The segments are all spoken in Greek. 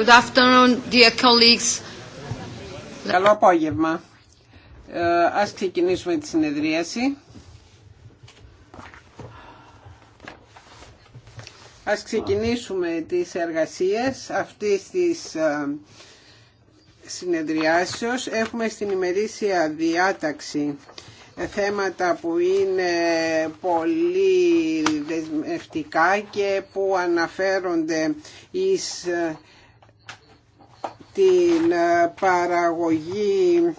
afternoon, Καλό απόγευμα. Ε, ας ξεκινήσουμε τη συνεδρίαση. Ας ξεκινήσουμε τις εργασίες αυτής της ε, συνεδριάσεως. Έχουμε στην ημερήσια διάταξη ε, θέματα που είναι πολύ δεσμευτικά και που αναφέρονται εις ε, την παραγωγή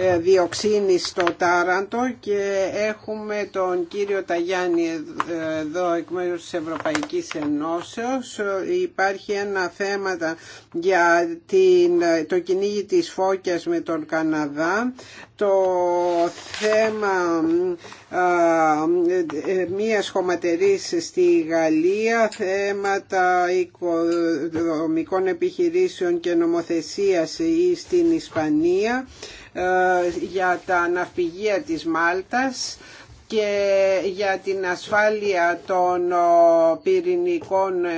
ε, διοξίνη στο Τάραντο και έχουμε τον κύριο Ταγιάννη ε, εδώ εκ μέρους της Ευρωπαϊκής Ενώσεως. Υπάρχει ένα θέμα για την, το κυνήγι της Φώκιας με τον Καναδά. Το θέμα ε, μία χωματερής στη Γαλλία, θέματα οικοδομικών επιχειρήσεων και νομοθεσίας στην Ισπανία. Ε, για τα ναυπηγεία της Μάλτας και για την ασφάλεια των ε, πυρηνικών ε,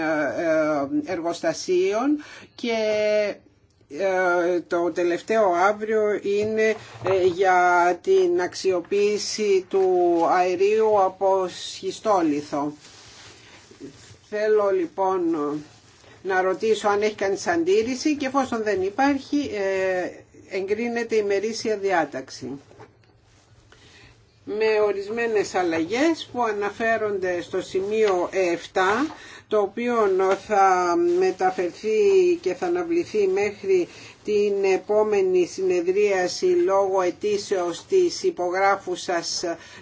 εργοστασίων και το τελευταίο αύριο είναι για την αξιοποίηση του αερίου από σχιστόλιθο. Θέλω λοιπόν να ρωτήσω αν έχει κανείς αντίρρηση και εφόσον δεν υπάρχει εγκρίνεται η μερίσια διάταξη με ορισμένες αλλαγές που αναφέρονται στο σημείο 7 το οποίο θα μεταφερθεί και θα αναβληθεί μέχρι την επόμενη συνεδρίαση λόγω ετήσεως της υπογράφου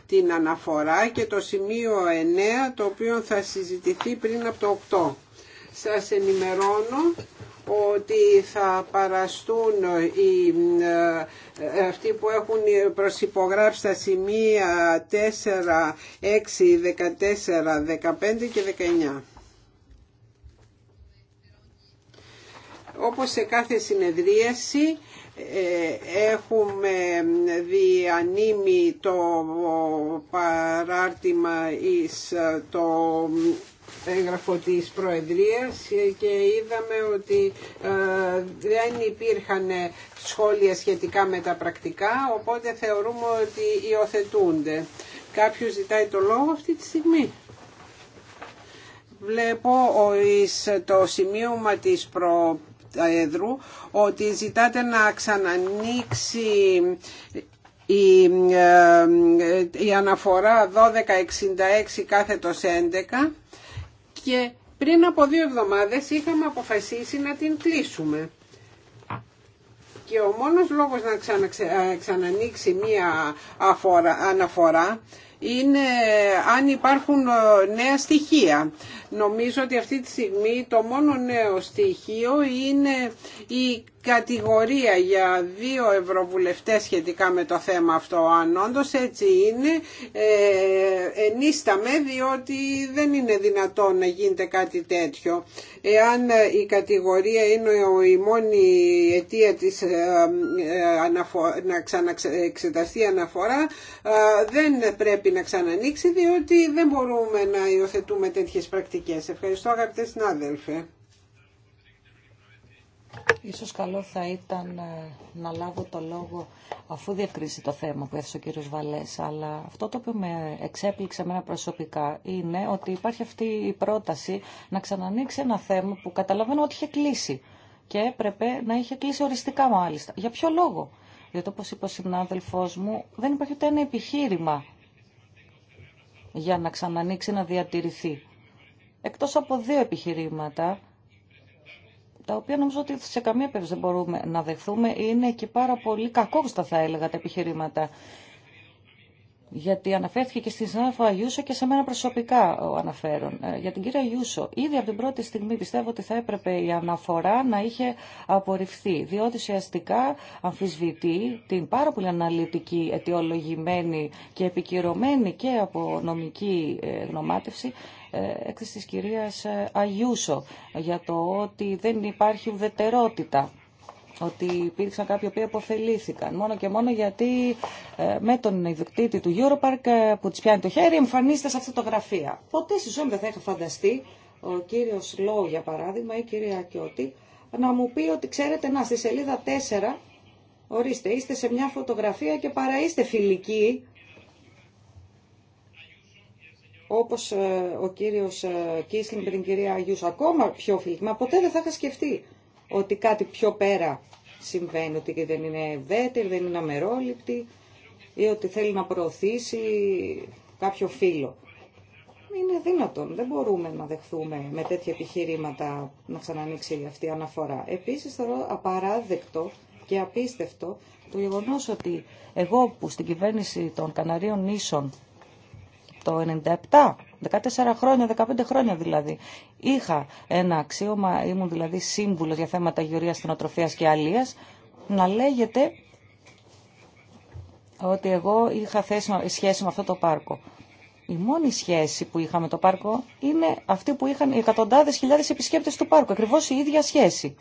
την αναφορά και το σημείο 9 το οποίο θα συζητηθεί πριν από το 8. Σας ενημερώνω ότι θα παραστούν οι, ε, αυτοί που έχουν προσυπογράψει τα σημεία 4, 6, 14, 15 και 19. Όπως σε κάθε συνεδρίαση ε, έχουμε διανύμει το παράρτημα εις ε, το έγγραφο της Προεδρίας και είδαμε ότι ε, δεν υπήρχαν σχόλια σχετικά με τα πρακτικά, οπότε θεωρούμε ότι υιοθετούνται. Κάποιος ζητάει το λόγο αυτή τη στιγμή. Βλέπω το σημείωμα της Προεδρού ότι ζητάτε να ξανανοίξει η, ε, ε, η αναφορά 1266 κάθετος 11 και πριν από δύο εβδομάδες είχαμε αποφασίσει να την κλείσουμε. Και ο μόνος λόγος να ξανα, ξανανοίξει μία αφορά, αναφορά είναι αν υπάρχουν ε, νέα στοιχεία. Νομίζω ότι αυτή τη στιγμή το μόνο νέο στοιχείο είναι η κατηγορία για δύο ευρωβουλευτές σχετικά με το θέμα αυτό. Αν όντως έτσι είναι, ε, ενίσταμε διότι δεν είναι δυνατόν να γίνεται κάτι τέτοιο. Εάν ε, η κατηγορία είναι η μόνη αιτία της ε, να ξαναεξεταστεί αναφορά, δεν πρέπει να ξανανοίξει διότι δεν μπορούμε να υιοθετούμε τέτοιες πρακτικές. Ευχαριστώ αγαπητέ συνάδελφε. Ίσως καλό θα ήταν ε, να λάβω το λόγο αφού διακρίσει το θέμα που έθεσε ο κύριος Βαλές, αλλά αυτό το που με εξέπληξε εμένα προσωπικά είναι ότι υπάρχει αυτή η πρόταση να ξανανοίξει ένα θέμα που καταλαβαίνω ότι είχε κλείσει και έπρεπε να είχε κλείσει οριστικά μάλιστα. Για ποιο λόγο. Γιατί όπως είπε ο συνάδελφός μου δεν υπάρχει ούτε ένα επιχείρημα για να ξανανοίξει να διατηρηθεί. Εκτός από δύο επιχειρήματα τα οποία νομίζω ότι σε καμία περίπτωση δεν μπορούμε να δεχθούμε, είναι και πάρα πολύ κακόβουστα θα έλεγα τα επιχειρήματα. Γιατί αναφέρθηκε και στην συνάδελφο Αγιούσο και σε μένα προσωπικά ο αναφέρον. Ε, για την κυρία Αγιούσο, ήδη από την πρώτη στιγμή πιστεύω ότι θα έπρεπε η αναφορά να είχε απορριφθεί, διότι ουσιαστικά αμφισβητεί την πάρα πολύ αναλυτική, αιτιολογημένη και επικυρωμένη και από νομική ε, γνωμάτευση ε, έκθεση της κυρίας ε, Αγιούσο για το ότι δεν υπάρχει ουδετερότητα ότι υπήρξαν κάποιοι που αποφελήθηκαν μόνο και μόνο γιατί ε, με τον ιδιοκτήτη του Europark που της πιάνει το χέρι εμφανίστε σε αυτό το γραφείο. Ποτέ στη ζωή δεν θα είχα φανταστεί ο κύριος Λόου για παράδειγμα ή η κυρία Κιώτη να μου πει ότι ξέρετε να στη σελίδα 4 ορίστε είστε σε μια φωτογραφία και παρά είστε φιλικοί όπως ε, ο κύριος ε, Κίσλιν πριν κυρία Αγίους, ακόμα πιο φιλικμά, ποτέ δεν θα είχα σκεφτεί ότι κάτι πιο πέρα συμβαίνει, ότι δεν είναι ευαίτερη, δεν είναι αμερόληπτη ή ότι θέλει να προωθήσει κάποιο φίλο. Είναι δυνατόν, δεν μπορούμε να δεχθούμε με τέτοια επιχειρήματα να ξανανοίξει αυτή η αναφορά. Επίσης θεωρώ απαράδεκτο και απίστευτο το γεγονός ότι εγώ που στην κυβέρνηση των Καναρίων Νήσων το 97, 14 χρόνια, 15 χρόνια δηλαδή. Είχα ένα αξίωμα, ήμουν δηλαδή συμβουλο για θέματα γεωρία, στενοτροφίας και αλεία, να λέγεται ότι εγώ είχα θέση, σχέση με αυτό το πάρκο. Η μόνη σχέση που είχα με το πάρκο είναι αυτή που είχαν οι εκατοντάδες χιλιάδες επισκέπτες του πάρκου. Ακριβώς η ίδια σχέση.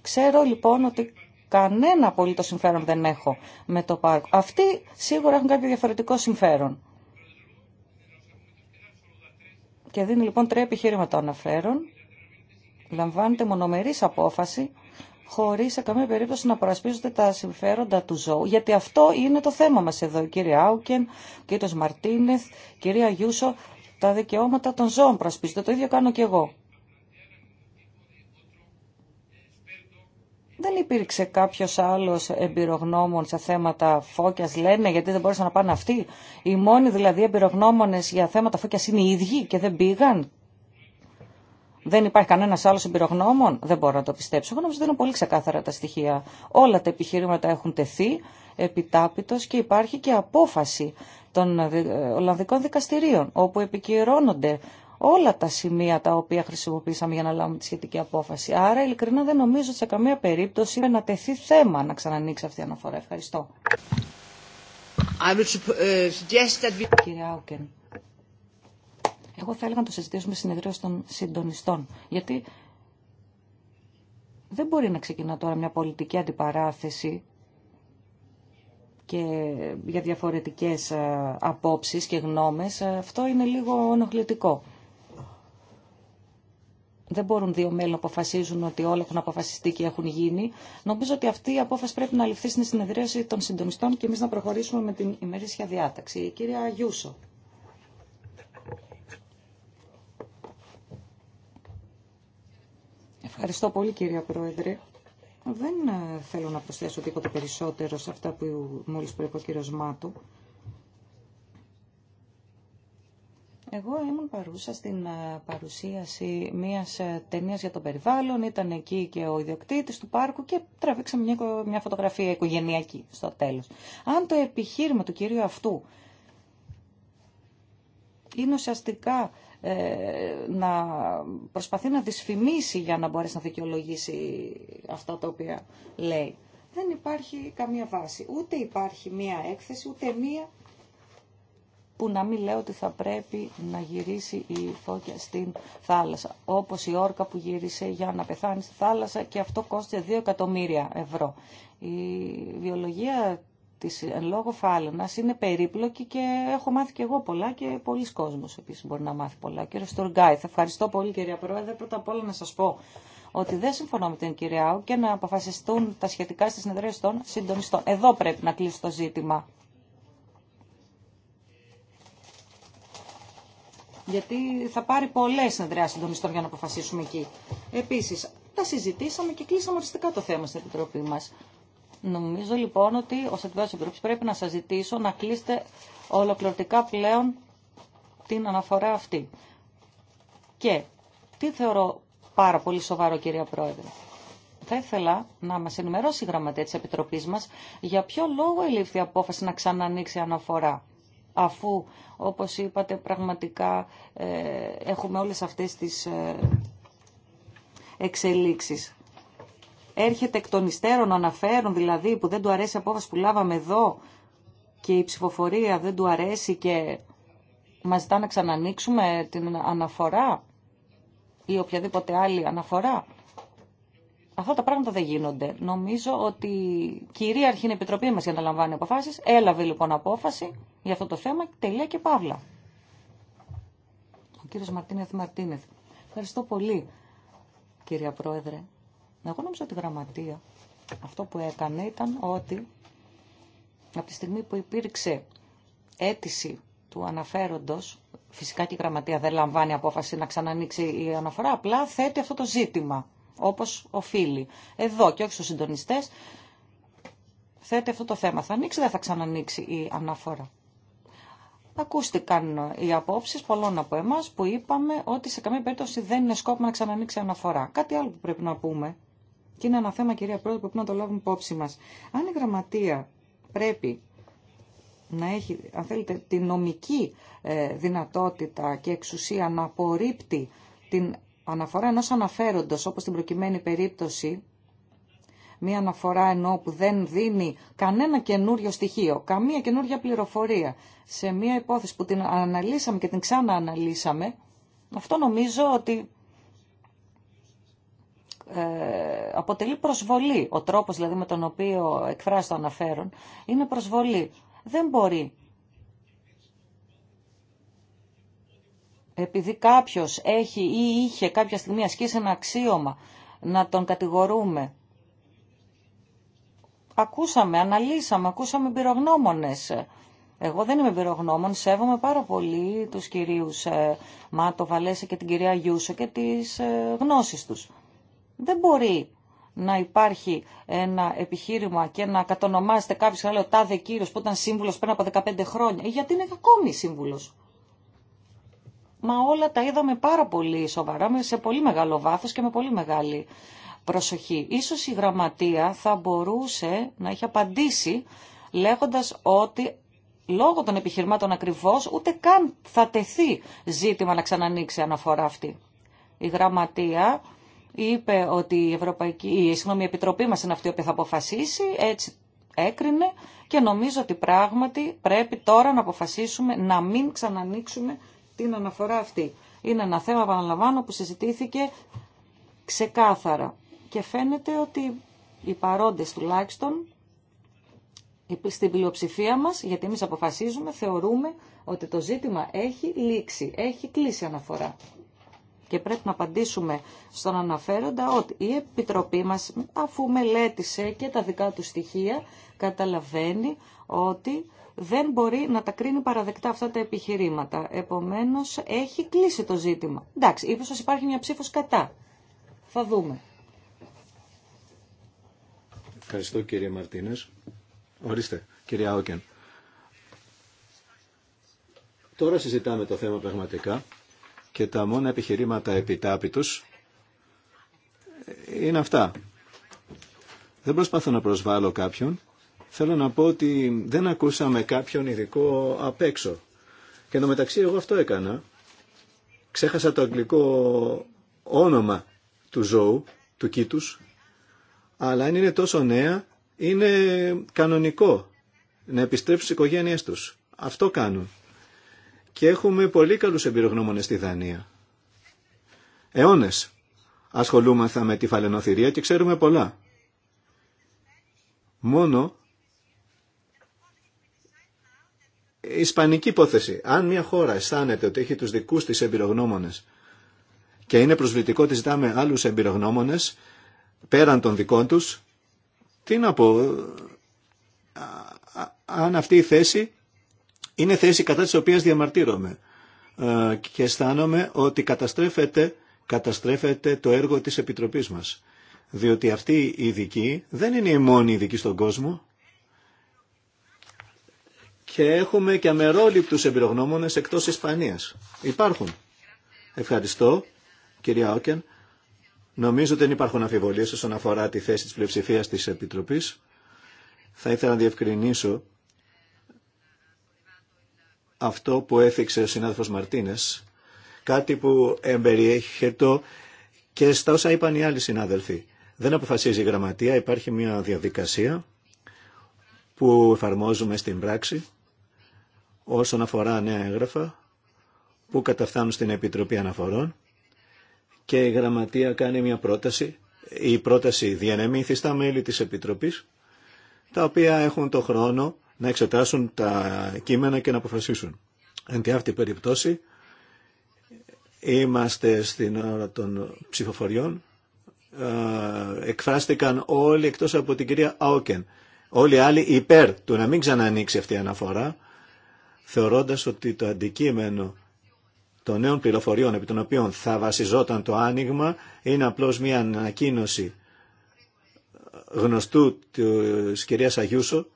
Ξέρω λοιπόν ότι Κανένα απολύτω συμφέρον δεν έχω με το πάρκο. Αυτοί σίγουρα έχουν κάποιο διαφορετικό συμφέρον. Και δίνει λοιπόν τρία επιχείρηματα αναφέρον. Λαμβάνεται μονομερή απόφαση χωρίς σε καμία περίπτωση να προασπίζονται τα συμφέροντα του ζώου. Γιατί αυτό είναι το θέμα μας εδώ, κύριε Άουκεν, κύριος Μαρτίνεθ, κυρία Γιούσο, τα δικαιώματα των ζώων προασπίζονται. Το ίδιο κάνω και εγώ. δεν υπήρξε κάποιο άλλο εμπειρογνώμων σε θέματα φώκιας, λένε, γιατί δεν μπορούσαν να πάνε αυτοί. Οι μόνοι δηλαδή εμπειρογνώμονε για θέματα φώκια είναι οι ίδιοι και δεν πήγαν. Δεν υπάρχει κανένα άλλο εμπειρογνώμων. Δεν μπορώ να το πιστέψω. Εγώ νομίζω ότι είναι πολύ ξεκάθαρα τα στοιχεία. Όλα τα επιχειρήματα έχουν τεθεί επιτάπητος και υπάρχει και απόφαση των ε, Ολλανδικών δικαστηρίων όπου επικυρώνονται όλα τα σημεία τα οποία χρησιμοποίησαμε για να λάβουμε τη σχετική απόφαση. Άρα, ειλικρινά δεν νομίζω ότι σε καμία περίπτωση να τεθεί θέμα να ξανανοίξει αυτή η αναφορά. Ευχαριστώ. Uh, Κύριε Άουκεν, εγώ θα έλεγα να το συζητήσουμε συνεδρίο των συντονιστών. Γιατί δεν μπορεί να ξεκινά τώρα μια πολιτική αντιπαράθεση και για διαφορετικές ε, απόψεις και γνώμες. Ε, αυτό είναι λίγο ονοχλητικό. Δεν μπορούν δύο μέλη να αποφασίζουν ότι όλα έχουν αποφασιστεί και έχουν γίνει. Νομίζω ότι αυτή η απόφαση πρέπει να ληφθεί στην συνεδρίαση των συντονιστών και εμεί να προχωρήσουμε με την ημερήσια διάταξη. Η κυρία Γιούσο. Ευχαριστώ πολύ κυρία Πρόεδρε. Δεν ε, θέλω να προσθέσω τίποτα περισσότερο σε αυτά που μόλις προείπε ο κύριος Μάτου. Εγώ ήμουν παρούσα στην ε, παρουσίαση μιας ε, ταινίας για το περιβάλλον, ήταν εκεί και ο ιδιοκτήτης του πάρκου και τραβήξαμε μια, μια φωτογραφία οικογενειακή στο τέλος. Αν το επιχείρημα του κυρίου αυτού είναι ουσιαστικά ε, να προσπαθεί να δυσφημίσει για να μπορέσει να δικαιολογήσει αυτά τα οποία λέει. Δεν υπάρχει καμία βάση. Ούτε υπάρχει μία έκθεση, ούτε μία που να μην λέω ότι θα πρέπει να γυρίσει η φώκια στην θάλασσα. Όπως η όρκα που γύρισε για να πεθάνει στη θάλασσα και αυτό κόστησε 2 εκατομμύρια ευρώ. Η βιολογία της λόγω φάλαινας είναι περίπλοκη και έχω μάθει και εγώ πολλά και πολλοί κόσμος επίσης μπορεί να μάθει πολλά. Κύριε Στουργκάη, θα ευχαριστώ πολύ κυρία Πρόεδρε. Πρώτα απ' όλα να σας πω ότι δεν συμφωνώ με την κυρία Άου και να αποφασιστούν τα σχετικά στις συνεδρίες των συντονιστών. Εδώ πρέπει να κλείσει το ζήτημα. γιατί θα πάρει πολλές συνεδριάσεις συντονιστών για να αποφασίσουμε εκεί. Επίση, τα συζητήσαμε και κλείσαμε οριστικά το θέμα στην Επιτροπή μα. Νομίζω λοιπόν ότι ως τη Επιτροπή πρέπει να σα ζητήσω να κλείσετε ολοκληρωτικά πλέον την αναφορά αυτή. Και τι θεωρώ πάρα πολύ σοβαρό κυρία Πρόεδρε. Θα ήθελα να μα ενημερώσει η γραμματέα τη Επιτροπής μα για ποιο λόγο ελήφθη η απόφαση να ξανανοίξει η αναφορά αφού, όπως είπατε, πραγματικά ε, έχουμε όλες αυτές τις ε, εξελίξεις. Έρχεται εκ των υστέρων αναφέρον, δηλαδή, που δεν του αρέσει η απόφαση που λάβαμε εδώ και η ψηφοφορία δεν του αρέσει και μας ζητά να ξανανοίξουμε την αναφορά ή οποιαδήποτε άλλη αναφορά. Αυτά τα πράγματα δεν γίνονται. Νομίζω ότι κυρίαρχη είναι η Επιτροπή μας για να λαμβάνει αποφάσεις. Έλαβε λοιπόν απόφαση για αυτό το θέμα. Τελεία και παύλα. Ο κύριος Μαρτίνεθ Μαρτίνεθ. Ευχαριστώ πολύ, κυρία Πρόεδρε. Εγώ νομίζω ότι η γραμματεία αυτό που έκανε ήταν ότι από τη στιγμή που υπήρξε αίτηση του αναφέροντος, φυσικά και η γραμματεία δεν λαμβάνει απόφαση να ξανανοίξει η αναφορά, απλά θέτει αυτό το ζήτημα, όπως οφείλει. Εδώ και όχι στους συντονιστές, θέτει αυτό το θέμα. Θα ανοίξει ή δεν θα ξανανοίξει η αναφορά. Ακούστηκαν οι απόψεις πολλών από εμάς που είπαμε ότι σε καμία περίπτωση δεν είναι σκόπο να ξανανοίξει αναφορά. Κάτι άλλο που πρέπει να πούμε, και είναι ένα θέμα κυρία Πρόεδρε που πρέπει να το λάβουμε υπόψη μας. Αν η γραμματεία πρέπει να έχει, αν θέλετε, τη νομική ε, δυνατότητα και εξουσία να απορρίπτει την αναφορά ενός αναφέροντος, όπως στην προκειμένη περίπτωση, Μία αναφορά ενώ που δεν δίνει κανένα καινούριο στοιχείο, καμία καινούρια πληροφορία σε μία υπόθεση που την αναλύσαμε και την ξανααναλύσαμε, αυτό νομίζω ότι ε, αποτελεί προσβολή. Ο τρόπος δηλαδή με τον οποίο εκφράζει το αναφέρον είναι προσβολή. Δεν μπορεί. Επειδή κάποιος έχει ή είχε κάποια στιγμή ασκήσει ένα αξίωμα να τον κατηγορούμε ακούσαμε, αναλύσαμε, ακούσαμε πυρογνώμονες. Εγώ δεν είμαι πυρογνώμων, σέβομαι πάρα πολύ τους κυρίους ε, Μάτο Βαλέση και την κυρία Γιούσο και τις ε, γνώσεις τους. Δεν μπορεί να υπάρχει ένα επιχείρημα και να κατονομάζεται κάποιος να λέει ο τάδε κύριος που ήταν σύμβουλος πριν από 15 χρόνια, ε, γιατί είναι ακόμη σύμβουλος. Μα όλα τα είδαμε πάρα πολύ σοβαρά, σε πολύ μεγάλο βάθος και με πολύ μεγάλη προσοχή. Ίσως η γραμματεία θα μπορούσε να έχει απαντήσει λέγοντας ότι λόγω των επιχειρημάτων ακριβώς ούτε καν θα τεθεί ζήτημα να ξανανοίξει αναφορά αυτή. Η γραμματεία είπε ότι η, Ευρωπαϊκή, η, Επιτροπή μας είναι αυτή που θα αποφασίσει, έτσι έκρινε και νομίζω ότι πράγματι πρέπει τώρα να αποφασίσουμε να μην ξανανοίξουμε την αναφορά αυτή. Είναι ένα θέμα, επαναλαμβάνω, που συζητήθηκε ξεκάθαρα και φαίνεται ότι οι παρόντες τουλάχιστον στην πλειοψηφία μας, γιατί εμείς αποφασίζουμε, θεωρούμε ότι το ζήτημα έχει λήξει, έχει κλείσει αναφορά. Και πρέπει να απαντήσουμε στον αναφέροντα ότι η Επιτροπή μας, αφού μελέτησε και τα δικά του στοιχεία, καταλαβαίνει ότι δεν μπορεί να τα κρίνει παραδεκτά αυτά τα επιχειρήματα. Επομένως, έχει κλείσει το ζήτημα. Εντάξει, ίσως υπάρχει μια ψήφος κατά. Θα δούμε. Ευχαριστώ κύριε Μαρτίνες. Ορίστε, κύριε Άοκεν. Τώρα συζητάμε το θέμα πραγματικά και τα μόνα επιχειρήματα τους είναι αυτά. Δεν προσπαθώ να προσβάλλω κάποιον. Θέλω να πω ότι δεν ακούσαμε κάποιον ειδικό απ' έξω. Και ενώ μεταξύ εγώ αυτό έκανα. Ξέχασα το αγγλικό όνομα του ζώου, του κήτους, αλλά αν είναι τόσο νέα, είναι κανονικό να επιστρέψουν στις οικογένειές τους. Αυτό κάνουν. Και έχουμε πολύ καλούς εμπειρογνώμονες στη Δανία. Αιώνες ασχολούμαθα με τη φαλαινοθυρία και ξέρουμε πολλά. Μόνο η ισπανική υπόθεση. Αν μια χώρα αισθάνεται ότι έχει τους δικούς της εμπειρογνώμονες και είναι προσβλητικό ότι ζητάμε άλλους εμπειρογνώμονες, πέραν των δικών τους, τι να πω, αν αυτή η θέση είναι θέση κατά της οποίας διαμαρτύρομαι και αισθάνομαι ότι καταστρέφεται, καταστρέφεται το έργο της Επιτροπής μας. Διότι αυτή η ειδική δεν είναι η μόνη ειδική στον κόσμο και έχουμε και αμερόληπτους εμπειρογνώμονες εκτός Ισπανίας. Υπάρχουν. Ευχαριστώ, κυρία Όκεν. Νομίζω ότι δεν υπάρχουν αμφιβολίες όσον αφορά τη θέση της πλειοψηφία της Επιτροπής. Θα ήθελα να διευκρινίσω αυτό που έθιξε ο συνάδελφος Μαρτίνες, κάτι που εμπεριέχεται και στα όσα είπαν οι άλλοι συνάδελφοι. Δεν αποφασίζει η γραμματεία, υπάρχει μια διαδικασία που εφαρμόζουμε στην πράξη όσον αφορά νέα έγγραφα που καταφθάνουν στην Επιτροπή Αναφορών και η Γραμματεία κάνει μια πρόταση. Η πρόταση διανεμήθη στα μέλη της Επιτροπής, τα οποία έχουν το χρόνο να εξετάσουν τα κείμενα και να αποφασίσουν. Εν τη αυτή περιπτώση, είμαστε στην ώρα των ψηφοφοριών. Ε, εκφράστηκαν όλοι εκτός από την κυρία Άοκεν, Όλοι οι άλλοι υπέρ του να μην ξανανοίξει αυτή η αναφορά, θεωρώντας ότι το αντικείμενο των νέων πληροφοριών επί των οποίων θα βασιζόταν το άνοιγμα είναι απλώς μια ανακοίνωση γνωστού της κυρίας Αγιούσο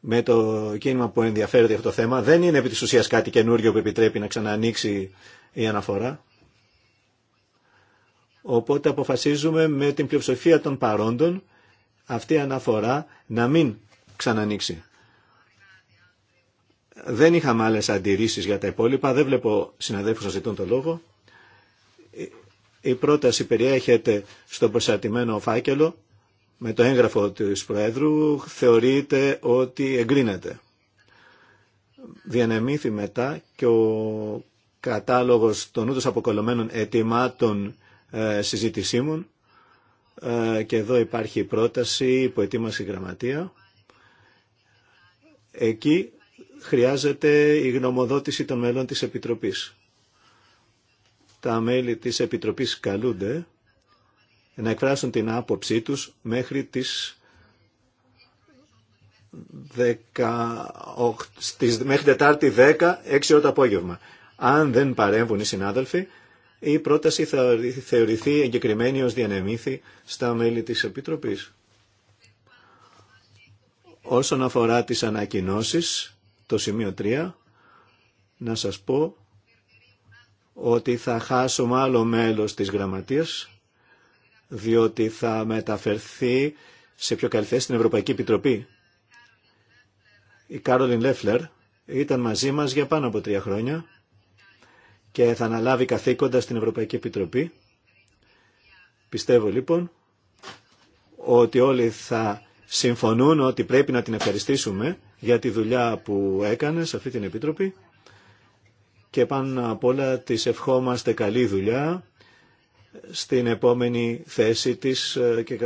με το κίνημα που ενδιαφέρεται αυτό το θέμα. Δεν είναι επί της ουσίας κάτι καινούριο που επιτρέπει να ξανανοίξει η αναφορά. Οπότε αποφασίζουμε με την πλειοψηφία των παρόντων αυτή η αναφορά να μην ξανανοίξει. Δεν είχαμε άλλε αντιρρήσει για τα υπόλοιπα. Δεν βλέπω συναδέλφου να ζητούν το λόγο. Η πρόταση περιέχεται στο προσαρτημένο φάκελο με το έγγραφο του Προέδρου. Θεωρείται ότι εγκρίνεται. Διανεμήθη μετά και ο κατάλογος των ούτως αποκολωμένων ετοιμάτων ε, συζητησίμων ε, και εδώ υπάρχει η πρόταση που ετοίμασε η γραμματεία. Εκεί χρειάζεται η γνωμοδότηση των μέλων της Επιτροπής. Τα μέλη της Επιτροπής καλούνται να εκφράσουν την άποψή τους μέχρι τις 18, στις, μέχρι Τετάρτη 10, 6 ώρα το απόγευμα. Αν δεν παρέμβουν οι συνάδελφοι, η πρόταση θα θεωρηθεί εγκεκριμένη ως διανεμήθη στα μέλη της Επιτροπής. Όσον αφορά τις ανακοινώσεις, το σημείο 3 να σας πω ότι θα χάσω άλλο μέλος της γραμματείας διότι θα μεταφερθεί σε πιο καλή θέση στην Ευρωπαϊκή Επιτροπή. Η Κάρολιν Λέφλερ ήταν μαζί μας για πάνω από τρία χρόνια και θα αναλάβει καθήκοντα στην Ευρωπαϊκή Επιτροπή. Πιστεύω λοιπόν ότι όλοι θα συμφωνούν ότι πρέπει να την ευχαριστήσουμε για τη δουλειά που έκανε σε αυτή την Επίτροπη και πάνω απ' όλα της ευχόμαστε καλή δουλειά στην επόμενη θέση της ε, και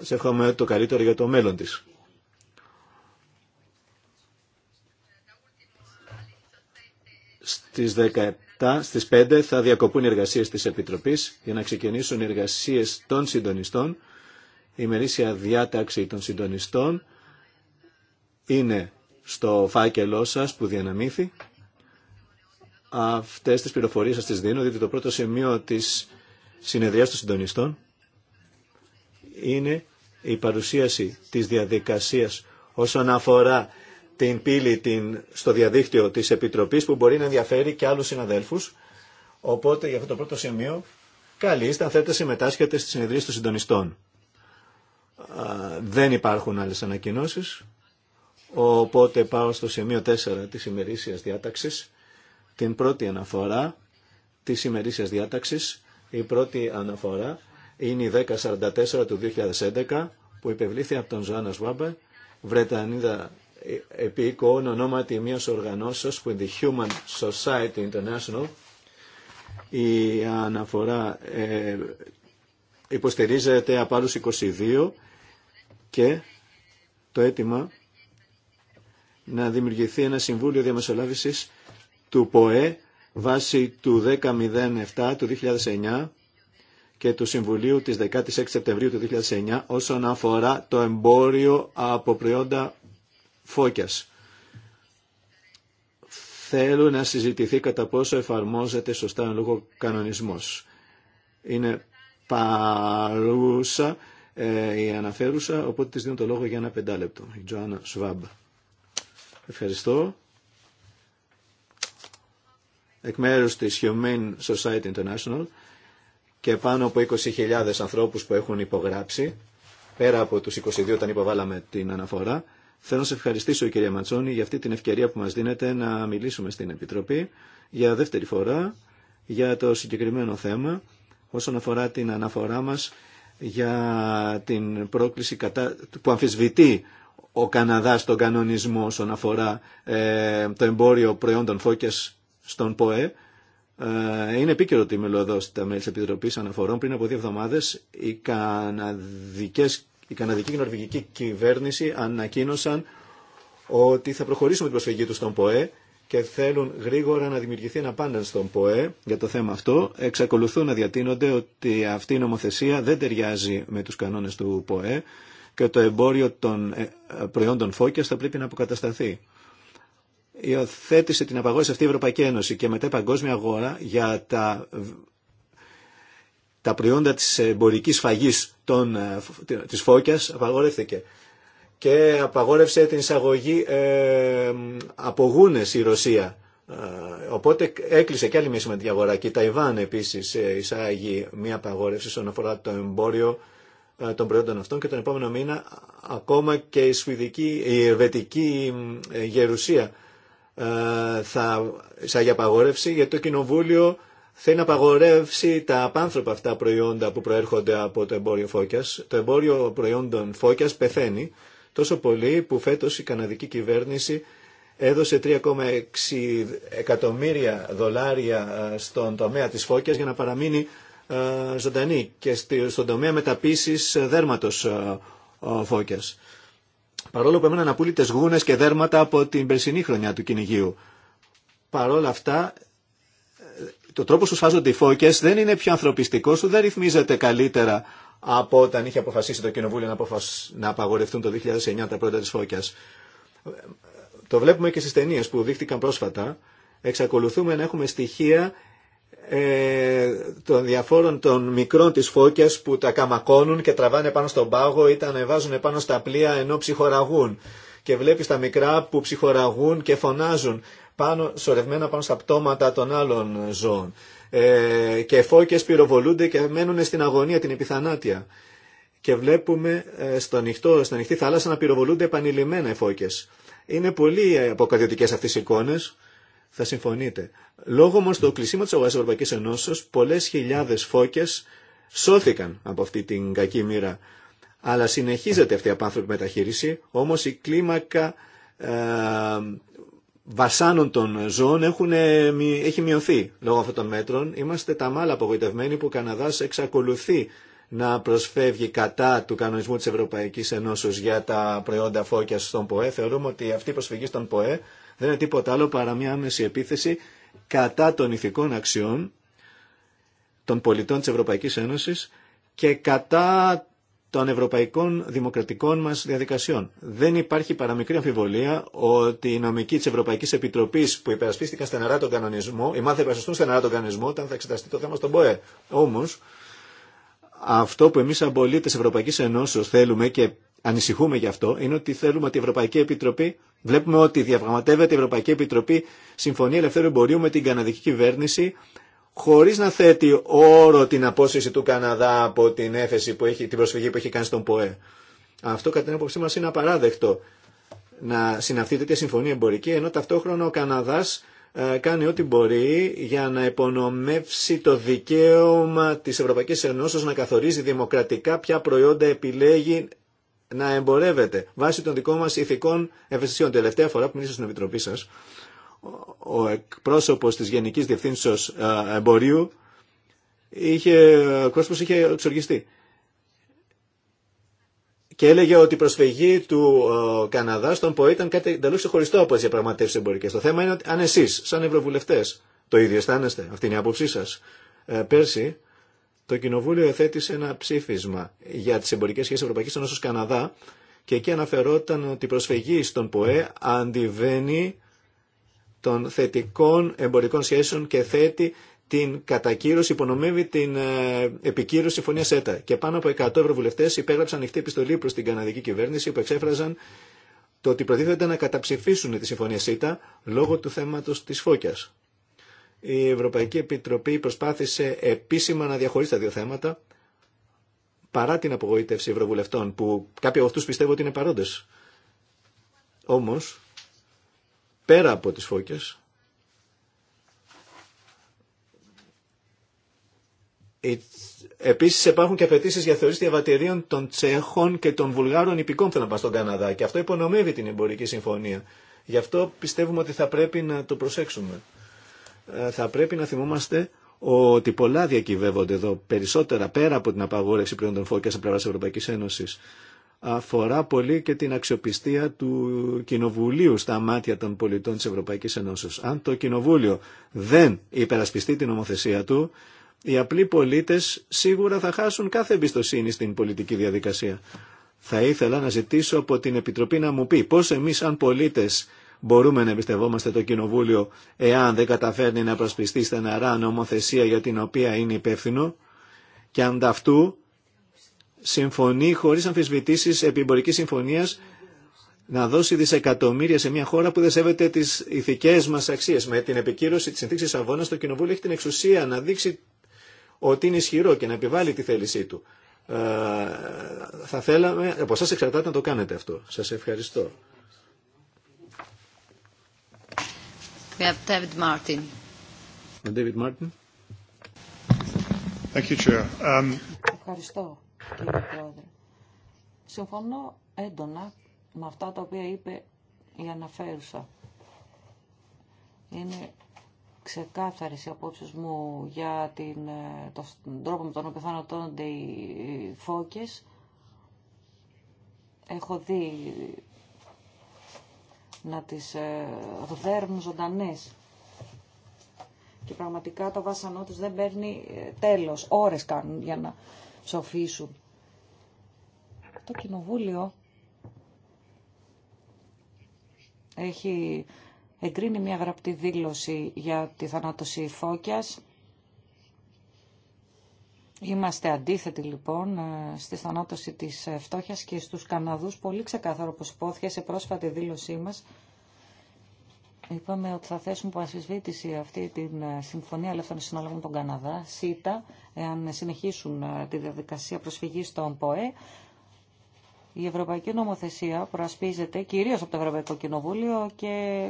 σε ευχόμαστε το καλύτερο για το μέλλον της. Στις 17, στις 5 θα διακοπούν οι εργασίες της Επιτροπής για να ξεκινήσουν οι εργασίες των συντονιστών, η μερίσια διάταξη των συντονιστών είναι στο φάκελό σας που διαναμήθη. Αυτές τις πληροφορίες σας τις δίνω, διότι το πρώτο σημείο της συνεδριάς των συντονιστών είναι η παρουσίαση της διαδικασίας όσον αφορά την πύλη την, στο διαδίκτυο της Επιτροπής που μπορεί να ενδιαφέρει και άλλους συναδέλφους. Οπότε για αυτό το πρώτο σημείο καλείστε αν θέλετε συμμετάσχετε στις συνεδρία των συντονιστών. δεν υπάρχουν άλλες ανακοινώσεις. Οπότε πάω στο σημείο 4 της ημερήσιας διάταξης, την πρώτη αναφορά της ημερήσιας διάταξης. Η πρώτη αναφορά είναι η 1044 του 2011 που υπευλήθη από τον Ζωάννα Σβάμπερ, Βρετανίδα οικοών, ε, ονόματι μιας οργανώσεως που είναι the Human Society International. Η αναφορά ε, υποστηρίζεται από άλλους 22 και το αίτημα να δημιουργηθεί ένα Συμβούλιο Διαμεσολάβησης του ΠΟΕ βάσει του 1007 του 2009 και του Συμβουλίου της 16 Σεπτεμβρίου του 2009 όσον αφορά το εμπόριο από προϊόντα φώκιας. Θέλω να συζητηθεί κατά πόσο εφαρμόζεται σωστά ο λόγο κανονισμός. Είναι παρούσα ε, η αναφέρουσα, οπότε της δίνω το λόγο για ένα πεντάλεπτο. Η Τζοάννα Ευχαριστώ. Εκ μέρους της Humane Society International και πάνω από 20.000 ανθρώπους που έχουν υπογράψει, πέρα από τους 22 όταν υποβάλαμε την αναφορά, θέλω να σε ευχαριστήσω κυρία Ματσόνη για αυτή την ευκαιρία που μας δίνετε να μιλήσουμε στην Επιτροπή για δεύτερη φορά για το συγκεκριμένο θέμα όσον αφορά την αναφορά μας για την πρόκληση κατά, που αμφισβητεί ο Καναδάς τον κανονισμό όσον αφορά ε, το εμπόριο προϊόντων φώκες στον ΠΟΕ. Ε, είναι επίκαιρο ότι είμαι εδώ στα μέλη της Επιτροπής Αναφορών. Πριν από δύο εβδομάδες οι καναδικές, η καναδική και νορβηγική κυβέρνηση ανακοίνωσαν ότι θα προχωρήσουν με την προσφυγή του στον ΠΟΕ και θέλουν γρήγορα να δημιουργηθεί ένα πάντα στον ΠΟΕ για το θέμα αυτό. Εξακολουθούν να διατείνονται ότι αυτή η νομοθεσία δεν ταιριάζει με τους κανόνες του ΠΟΕ και το εμπόριο των ε, προϊόντων φώκιας θα πρέπει να αποκατασταθεί. Υιοθέτησε την απαγόρευση αυτή η Ευρωπαϊκή Ένωση και μετά η παγκόσμια αγορά για τα, τα προϊόντα της εμπορικής φαγής των, ε, της φώκιας απαγορεύθηκε και απαγόρευσε την εισαγωγή ε, από γούνες η Ρωσία. Ε, οπότε έκλεισε και άλλη μια σημαντική αγορά και η Ταϊβάν επίσης εισάγει μια απαγόρευση όσον αφορά το εμπόριο ε, των προϊόντων αυτών και τον επόμενο μήνα ακόμα και η, Σουηδική, η ερβετική ε, Γερουσία ε, θα εισάγει απαγόρευση γιατί το Κοινοβούλιο θέλει να απαγορεύσει τα απάνθρωπα αυτά προϊόντα που προέρχονται από το εμπόριο φώκιας. Το εμπόριο προϊόντων φώκιας πεθαίνει τόσο πολύ που φέτος η καναδική κυβέρνηση έδωσε 3,6 εκατομμύρια δολάρια στον τομέα της φώκιας για να παραμείνει ε, ζωντανή και στον τομέα μεταποίησης ε, δέρματο ε, φώκια. Παρόλο που έμεναν απούλητες γούνε και δέρματα από την περσινή χρονιά του κυνηγίου. Παρόλα αυτά, το τρόπο που σφάζονται οι φώκες δεν είναι πιο ανθρωπιστικός, δεν ρυθμίζεται καλύτερα από όταν είχε αποφασίσει το Κοινοβούλιο να, αποφασ... να απαγορευτούν το 2009 τα πρώτα τη φώκιας. Το βλέπουμε και στι ταινίε που δείχτηκαν πρόσφατα. Εξακολουθούμε να έχουμε στοιχεία ε, των διαφόρων των μικρών της φώκιας που τα καμακώνουν και τραβάνε πάνω στον πάγο ή τα ανεβάζουν πάνω στα πλοία ενώ ψυχοραγούν. Και βλέπεις τα μικρά που ψυχοραγούν και φωνάζουν πάνω, σορευμένα πάνω στα πτώματα των άλλων ζώων. Ε, και φώκες πυροβολούνται και μένουν στην αγωνία, την επιθανάτια. Και βλέπουμε ε, στο νυχτό, στην ανοιχτή θάλασσα να πυροβολούνται επανειλημμένα οι φώκες. Είναι πολύ αποκαδιωτικές αυτές οι εικόνες θα συμφωνείτε. Λόγω όμω του κλεισίματο τη αγορά τη Ευρωπαϊκή Ενώσεω, πολλέ χιλιάδε φώκε σώθηκαν από αυτή την κακή μοίρα. Αλλά συνεχίζεται αυτή η απάνθρωπη μεταχείριση, όμω η κλίμακα ε, βασάνων των ζώων έχουν, έχει μειωθεί λόγω αυτών των μέτρων. Είμαστε τα μάλα απογοητευμένοι που ο Καναδάς εξακολουθεί να προσφεύγει κατά του κανονισμού τη Ευρωπαϊκή Ενώσεω για τα προϊόντα φώκια στον ΠΟΕ. Θεωρούμε ότι αυτή η προσφυγή στον ΠΟΕ δεν είναι τίποτα άλλο παρά μια άμεση επίθεση κατά των ηθικών αξιών των πολιτών της Ευρωπαϊκής Ένωσης και κατά των ευρωπαϊκών δημοκρατικών μας διαδικασιών. Δεν υπάρχει παραμικρή αμφιβολία ότι η νομική της Ευρωπαϊκής Επιτροπής που υπερασπίστηκαν στεναρά τον κανονισμό, ή μάθε υπερασπιστούν στεναρά τον κανονισμό όταν θα εξεταστεί το θέμα στον ΠΟΕ. Όμως, αυτό που εμείς σαν πολίτες Ευρωπαϊκής Ενώσεως θέλουμε και ανησυχούμε γι' αυτό, είναι ότι θέλουμε ότι η Ευρωπαϊκή Επιτροπή Βλέπουμε ότι διαπραγματεύεται η Ευρωπαϊκή Επιτροπή Συμφωνία Ελευθέρου Εμπορίου με την Καναδική κυβέρνηση χωρίς να θέτει όρο την απόσυρση του Καναδά από την έφεση που έχει, την προσφυγή που έχει κάνει στον ΠΟΕ. Αυτό κατά την άποψή μα είναι απαράδεκτο να συναυθεί τέτοια συμφωνία εμπορική ενώ ταυτόχρονα ο Καναδά ε, κάνει ό,τι μπορεί για να υπονομεύσει το δικαίωμα της Ευρωπαϊκής Ενώσεως να καθορίζει δημοκρατικά ποια προϊόντα επιλέγει να εμπορεύεται βάσει των δικών μα ηθικών ευαισθησιών. Τελευταία φορά που μίλησα στην Επιτροπή σα, ο εκπρόσωπο τη γενική Διευθύνσεως ε, Εμπορίου είχε, ο είχε εξοργιστεί. Και έλεγε ότι η προσφυγή του ε, Καναδά στον ΠΟΕ ήταν κάτι εντελώ ξεχωριστό από τι διαπραγματεύσει εμπορικέ. Το θέμα είναι ότι αν εσεί, σαν ευρωβουλευτέ, το ίδιο αισθάνεστε, αυτή είναι η άποψή σα. Ε, πέρσι, το Κοινοβούλιο εθέτησε ένα ψήφισμα για τι εμπορικέ σχέσει Ευρωπαϊκή Ένωση Καναδά και εκεί αναφερόταν ότι η προσφυγή στον ΠΟΕ αντιβαίνει των θετικών εμπορικών σχέσεων και θέτει την κατακύρωση, υπονομεύει την ε, επικύρωση συμφωνία ΣΕΤΑ. Και πάνω από 100 ευρωβουλευτέ υπέγραψαν ανοιχτή επιστολή προ την καναδική κυβέρνηση που εξέφραζαν το ότι προτίθεται να καταψηφίσουν τη συμφωνία ΣΕΤΑ λόγω του θέματο τη φώκιας. Η Ευρωπαϊκή Επιτροπή προσπάθησε επίσημα να διαχωρίσει τα δύο θέματα, παρά την απογοήτευση ευρωβουλευτών, που κάποιοι από αυτούς πιστεύω ότι είναι παρόντες. Όμως, πέρα από τις φώκες, Επίση, υπάρχουν και απαιτήσει για θεωρήσει διαβατηρίων των Τσέχων και των Βουλγάρων υπηκών που να στον Καναδά. Και αυτό υπονομεύει την εμπορική συμφωνία. Γι' αυτό πιστεύουμε ότι θα πρέπει να το προσέξουμε. Ε, θα πρέπει να θυμόμαστε ότι πολλά διακυβεύονται εδώ, περισσότερα πέρα από την απαγόρευση των φώκια από πλευρά τη Ευρωπαϊκή Ένωση. Αφορά πολύ και την αξιοπιστία του Κοινοβουλίου στα μάτια των πολιτών τη Ευρωπαϊκή Ένωση. Αν το Κοινοβούλιο δεν υπερασπιστεί την ομοθεσία του, οι απλοί πολίτε σίγουρα θα χάσουν κάθε εμπιστοσύνη στην πολιτική διαδικασία. Θα ήθελα να ζητήσω από την Επιτροπή να μου πει πώ εμεί, αν πολίτες Μπορούμε να εμπιστευόμαστε το Κοινοβούλιο εάν δεν καταφέρνει να προσπιστεί στεναρά νομοθεσία για την οποία είναι υπεύθυνο και ανταυτού συμφωνεί χωρίς αμφισβητήσεις επί συμφωνίας να δώσει δισεκατομμύρια σε μια χώρα που δεν σέβεται τι ηθικέ μα αξίε. Με την επικύρωση τη συνθήκη Αβώνα, το Κοινοβούλιο έχει την εξουσία να δείξει ότι είναι ισχυρό και να επιβάλλει τη θέλησή του. Ε, θα θέλαμε, από εσά εξαρτάται να το κάνετε αυτό. Σα ευχαριστώ. Ευχαριστώ, κύριε Πρόεδρε. Συμφωνώ έντονα με αυτά τα οποία είπε η αναφέρουσα. Είναι ξεκάθαρε οι απόψει μου για ε, τον τρόπο με τον οποίο θανατώνονται οι φώκε. Έχω δει να τις ε, δέρνουν ζωντανές. Και πραγματικά το βάσανό τους δεν παίρνει ε, τέλος. Ώρες κάνουν για να σοφήσουν. Το κοινοβούλιο έχει εγκρίνει μια γραπτή δήλωση για τη θανάτωση φώκιας Είμαστε αντίθετοι λοιπόν ε, στη θανάτωση της ε, φτώχεια και στους Καναδούς. Πολύ ξεκάθαρο όπως υπόθηκε σε πρόσφατη δήλωσή μας. Είπαμε ότι θα θέσουμε που αυτή την ε, Συμφωνία Ελεύθερων Συναλλαγών με τον Καναδά, ΣΥΤΑ, εάν συνεχίσουν τη διαδικασία προσφυγής στον ΠΟΕ. Η Ευρωπαϊκή Νομοθεσία προασπίζεται κυρίως από το Ευρωπαϊκό Κοινοβούλιο και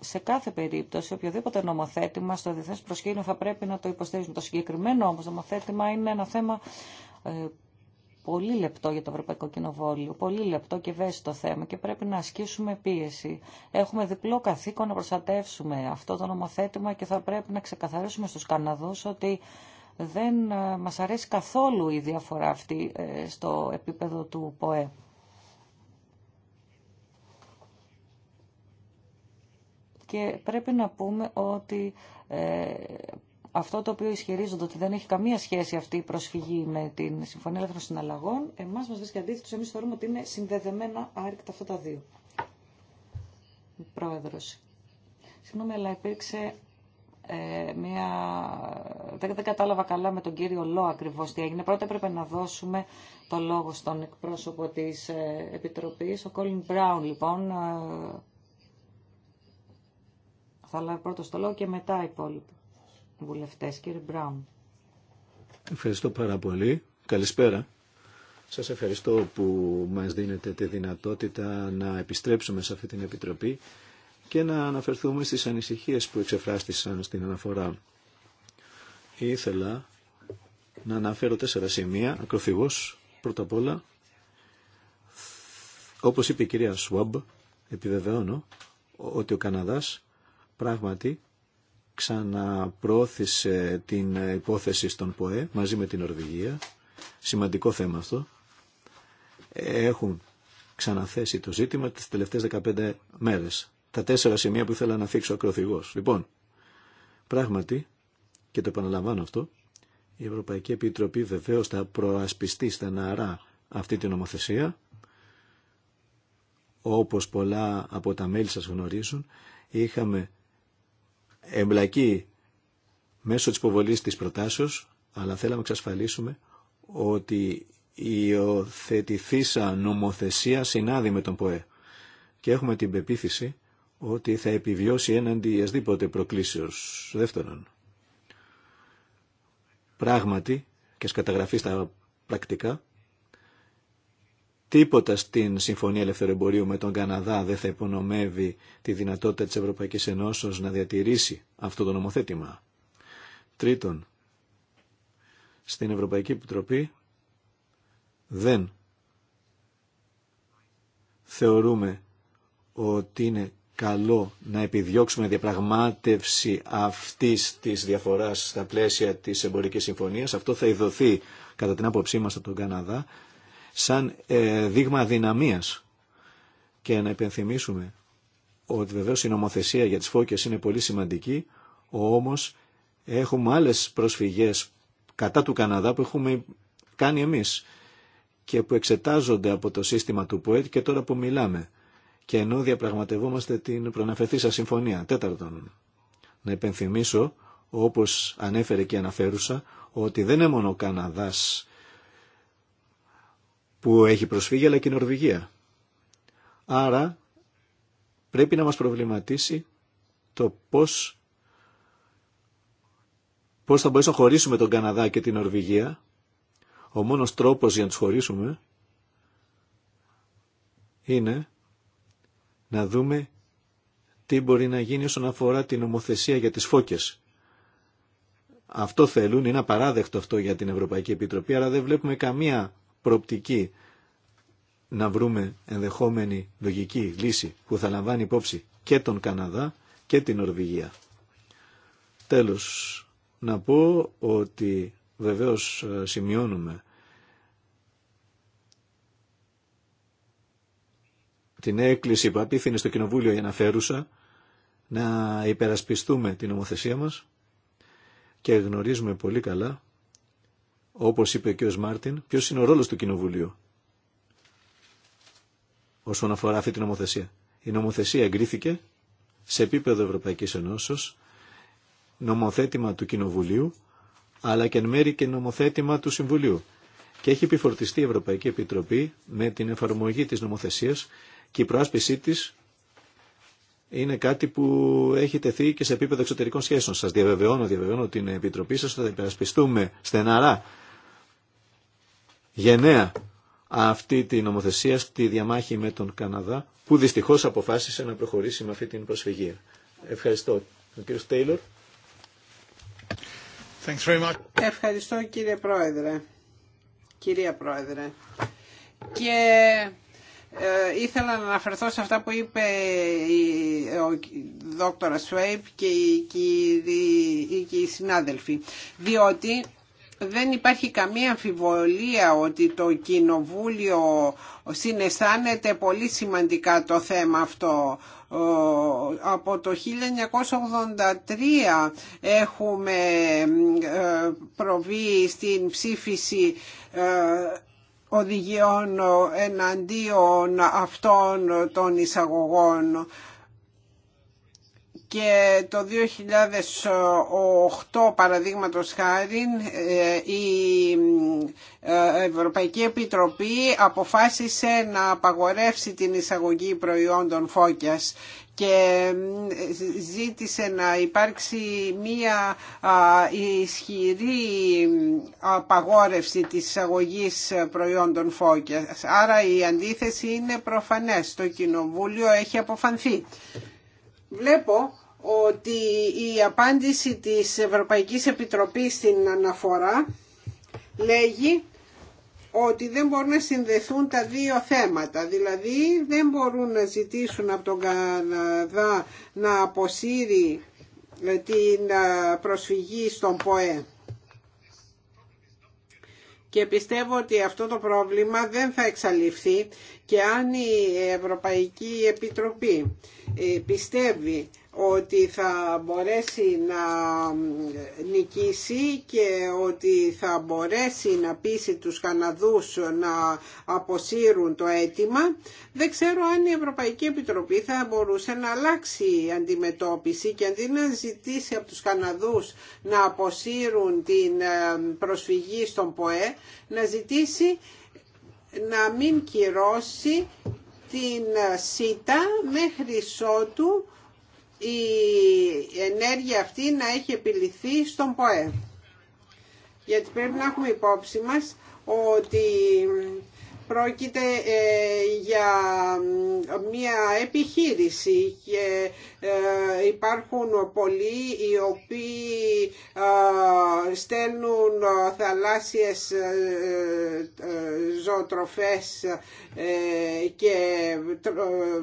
σε κάθε περίπτωση, οποιοδήποτε νομοθέτημα στο διεθνέ προσκήνιο θα πρέπει να το υποστηρίζουμε. Το συγκεκριμένο όμω νομοθέτημα είναι ένα θέμα ε, πολύ λεπτό για το Ευρωπαϊκό κοινοβόλιο, πολύ λεπτό και ευαίσθητο θέμα και πρέπει να ασκήσουμε πίεση. Έχουμε διπλό καθήκον να προστατεύσουμε αυτό το νομοθέτημα και θα πρέπει να ξεκαθαρίσουμε στου καναδού ότι δεν ε, μας αρέσει καθόλου η διαφορά αυτή ε, στο επίπεδο του ΠΟΕ. και πρέπει να πούμε ότι ε, αυτό το οποίο ισχυρίζονται ότι δεν έχει καμία σχέση αυτή η προσφυγή με την Συμφωνία Ελεύθερων Συναλλαγών, εμάς μας βρίσκει αντίθετος, εμείς θεωρούμε ότι είναι συνδεδεμένα άρρηκτα αυτά τα δύο. Πρόεδρος. Συγγνώμη, αλλά υπήρξε ε, μια... Δεν, δεν, κατάλαβα καλά με τον κύριο Λό ακριβώς τι έγινε. Πρώτα έπρεπε να δώσουμε το λόγο στον εκπρόσωπο της ε, Επιτροπής, ο Κόλλιν Μπράουν, λοιπόν, ε, θα λάβει πρώτο το λόγο και μετά οι υπόλοιποι βουλευτές. Κύριε Μπράουν. Ευχαριστώ πάρα πολύ. Καλησπέρα. Σας ευχαριστώ που μας δίνετε τη δυνατότητα να επιστρέψουμε σε αυτή την Επιτροπή και να αναφερθούμε στις ανησυχίες που εξεφράστησαν στην αναφορά. Ήθελα να αναφέρω τέσσερα σημεία, ακροφυγώς, πρώτα απ' όλα. Όπως είπε η κυρία Σουάμπ, επιβεβαιώνω ότι ο Καναδάς πράγματι ξαναπρόθεσε την υπόθεση στον ΠΟΕ μαζί με την Ορβηγία. Σημαντικό θέμα αυτό. Έχουν ξαναθέσει το ζήτημα τις τελευταίες 15 μέρες. Τα τέσσερα σημεία που ήθελα να θίξω ακροθυγός. Λοιπόν, πράγματι, και το επαναλαμβάνω αυτό, η Ευρωπαϊκή Επιτροπή βεβαίως θα προασπιστεί στεναρά αυτή την νομοθεσία, όπως πολλά από τα μέλη σας γνωρίζουν, είχαμε εμπλακεί μέσω της υποβολής της προτάσεως, αλλά θέλαμε να εξασφαλίσουμε ότι η υιοθετηθήσα νομοθεσία συνάδει με τον ΠΟΕ. Και έχουμε την πεποίθηση ότι θα επιβιώσει έναντι ασδήποτε προκλήσεως. Δεύτερον, πράγματι, και σκαταγραφεί στα πρακτικά, Τίποτα στην Συμφωνία Ελευθερεμπορίου με τον Καναδά δεν θα υπονομεύει τη δυνατότητα της Ευρωπαϊκής Ενώσεως να διατηρήσει αυτό το νομοθέτημα. Τρίτον, στην Ευρωπαϊκή Επιτροπή δεν θεωρούμε ότι είναι καλό να επιδιώξουμε διαπραγμάτευση αυτής της διαφοράς στα πλαίσια της εμπορικής συμφωνίας. Αυτό θα ειδωθεί κατά την άποψή μας από τον Καναδά σαν ε, δείγμα δυναμίας. Και να υπενθυμίσουμε ότι βεβαίω η νομοθεσία για τις φώκες είναι πολύ σημαντική, όμως έχουμε άλλες προσφυγές κατά του Καναδά που έχουμε κάνει εμείς και που εξετάζονται από το σύστημα του ΠΟΕΤ και τώρα που μιλάμε. Και ενώ διαπραγματευόμαστε την προναφερθήσα συμφωνία. Τέταρτον, να υπενθυμίσω, όπως ανέφερε και αναφέρουσα, ότι δεν είναι μόνο ο Καναδάς που έχει προσφύγει αλλά και η Νορβηγία. Άρα πρέπει να μας προβληματίσει το πώς, πώς θα μπορέσουμε να χωρίσουμε τον Καναδά και την Νορβηγία. Ο μόνος τρόπος για να τους χωρίσουμε είναι να δούμε τι μπορεί να γίνει όσον αφορά την νομοθεσία για τις φώκες. Αυτό θέλουν, είναι απαράδεκτο αυτό για την Ευρωπαϊκή Επιτροπή, αλλά δεν βλέπουμε καμία προοπτική να βρούμε ενδεχόμενη λογική λύση που θα λαμβάνει υπόψη και τον Καναδά και την Ορβηγία. Τέλος, να πω ότι βεβαίως ε, σημειώνουμε την έκκληση που απίθυνε στο Κοινοβούλιο για να φέρουσα να υπερασπιστούμε την ομοθεσία μας και γνωρίζουμε πολύ καλά όπως είπε ο κ. Μάρτιν, ποιος είναι ο ρόλος του Κοινοβουλίου όσον αφορά αυτή την νομοθεσία. Η νομοθεσία εγκρίθηκε σε επίπεδο Ευρωπαϊκής Ενώσεως, νομοθέτημα του Κοινοβουλίου, αλλά και εν μέρη και νομοθέτημα του Συμβουλίου. Και έχει επιφορτιστεί η Ευρωπαϊκή Επιτροπή με την εφαρμογή της νομοθεσίας και η προάσπισή της είναι κάτι που έχει τεθεί και σε επίπεδο εξωτερικών σχέσεων. Σας διαβεβαιώνω, διαβεβαιώνω την Επιτροπή σας, θα υπερασπιστούμε στεναρά, γενναία αυτή τη νομοθεσία στη διαμάχη με τον Καναδά, που δυστυχώς αποφάσισε να προχωρήσει με αυτή την προσφυγία. Ευχαριστώ. κύριος Τέιλορ. Ευχαριστώ κύριε Πρόεδρε. Κυρία Πρόεδρε. Και ε, ήθελα να αναφερθώ σε αυτά που είπε ο δόκτωρα Σουέιπ και οι, συνάδελφοι. Διότι δεν υπάρχει καμία αμφιβολία ότι το Κοινοβούλιο συναισθάνεται πολύ σημαντικά το θέμα αυτό. Από το 1983 έχουμε ε, προβεί στην ψήφιση ε, οδηγιών εναντίον αυτών των εισαγωγών και το 2008 παραδείγματος χάρη ε, η ε, Ευρωπαϊκή Επιτροπή αποφάσισε να απαγορεύσει την εισαγωγή προϊόντων φώκιας και ζήτησε να υπάρξει μία ισχυρή απαγόρευση της εισαγωγής προϊόντων φώκιας. Άρα η αντίθεση είναι προφανές. Το Κοινοβούλιο έχει αποφανθεί. Βλέπω ότι η απάντηση της Ευρωπαϊκής Επιτροπής στην αναφορά λέγει ότι δεν μπορούν να συνδεθούν τα δύο θέματα. Δηλαδή δεν μπορούν να ζητήσουν από τον Καναδά να αποσύρει ε, την ε, προσφυγή στον ΠΟΕ. Και πιστεύω ότι αυτό το πρόβλημα δεν θα εξαλειφθεί και αν η Ευρωπαϊκή Επιτροπή ε, πιστεύει ότι θα μπορέσει να νικήσει και ότι θα μπορέσει να πείσει τους Καναδούς να αποσύρουν το αίτημα. Δεν ξέρω αν η Ευρωπαϊκή Επιτροπή θα μπορούσε να αλλάξει η αντιμετώπιση και αντί να ζητήσει από τους Καναδούς να αποσύρουν την ε, προσφυγή στον ΠΟΕ, να ζητήσει να μην κυρώσει την ε, ΣΥΤΑ μέχρι ότου η ενέργεια αυτή να έχει επιληθεί στον ΠΟΕ. Γιατί πρέπει να έχουμε υπόψη μας ότι πρόκειται ε, για μια επιχείρηση και ε, υπάρχουν πολλοί οι οποίοι στέλνουν θαλάσσιες ε, ε, ζωοτροφές και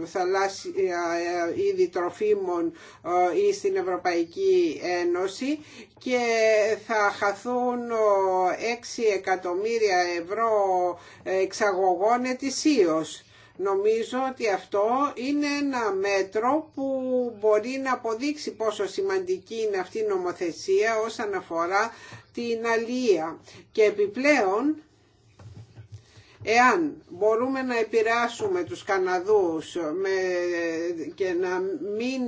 θαλάσσια είδη τροφίμων στην Ευρωπαϊκή Ένωση και θα χαθούν 6 εκατομμύρια ευρώ εξαγωγών ετησίως. Νομίζω ότι αυτό είναι ένα μέτρο που μπορεί να αποδείξει πόσο σημαντική είναι αυτή η νομοθεσία όσον αφορά την αλία. Και επιπλέον, εάν μπορούμε να επηρεάσουμε τους Καναδούς και να μην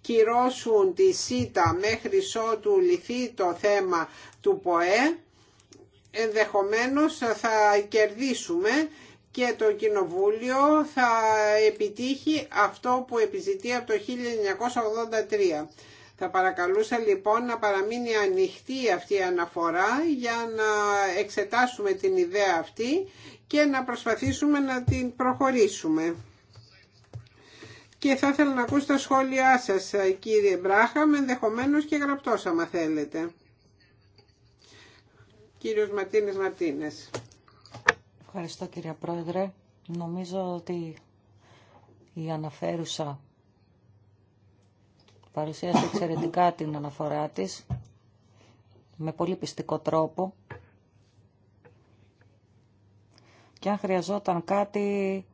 κυρώσουν τη ΣΥΤΑ μέχρι ότου λυθεί το θέμα του ΠΟΕ, ενδεχομένως θα κερδίσουμε και το Κοινοβούλιο θα επιτύχει αυτό που επιζητεί από το 1983. Θα παρακαλούσα λοιπόν να παραμείνει ανοιχτή αυτή η αναφορά για να εξετάσουμε την ιδέα αυτή και να προσπαθήσουμε να την προχωρήσουμε. Και θα ήθελα να ακούσω τα σχόλιά σας κύριε με ενδεχομένως και γραπτός άμα θέλετε. Κύριος ματίνες Ματίνες. Ευχαριστώ κύριε Πρόεδρε. Νομίζω ότι η αναφέρουσα παρουσίασε εξαιρετικά την αναφορά της με πολύ πιστικό τρόπο και αν χρειαζόταν κάτι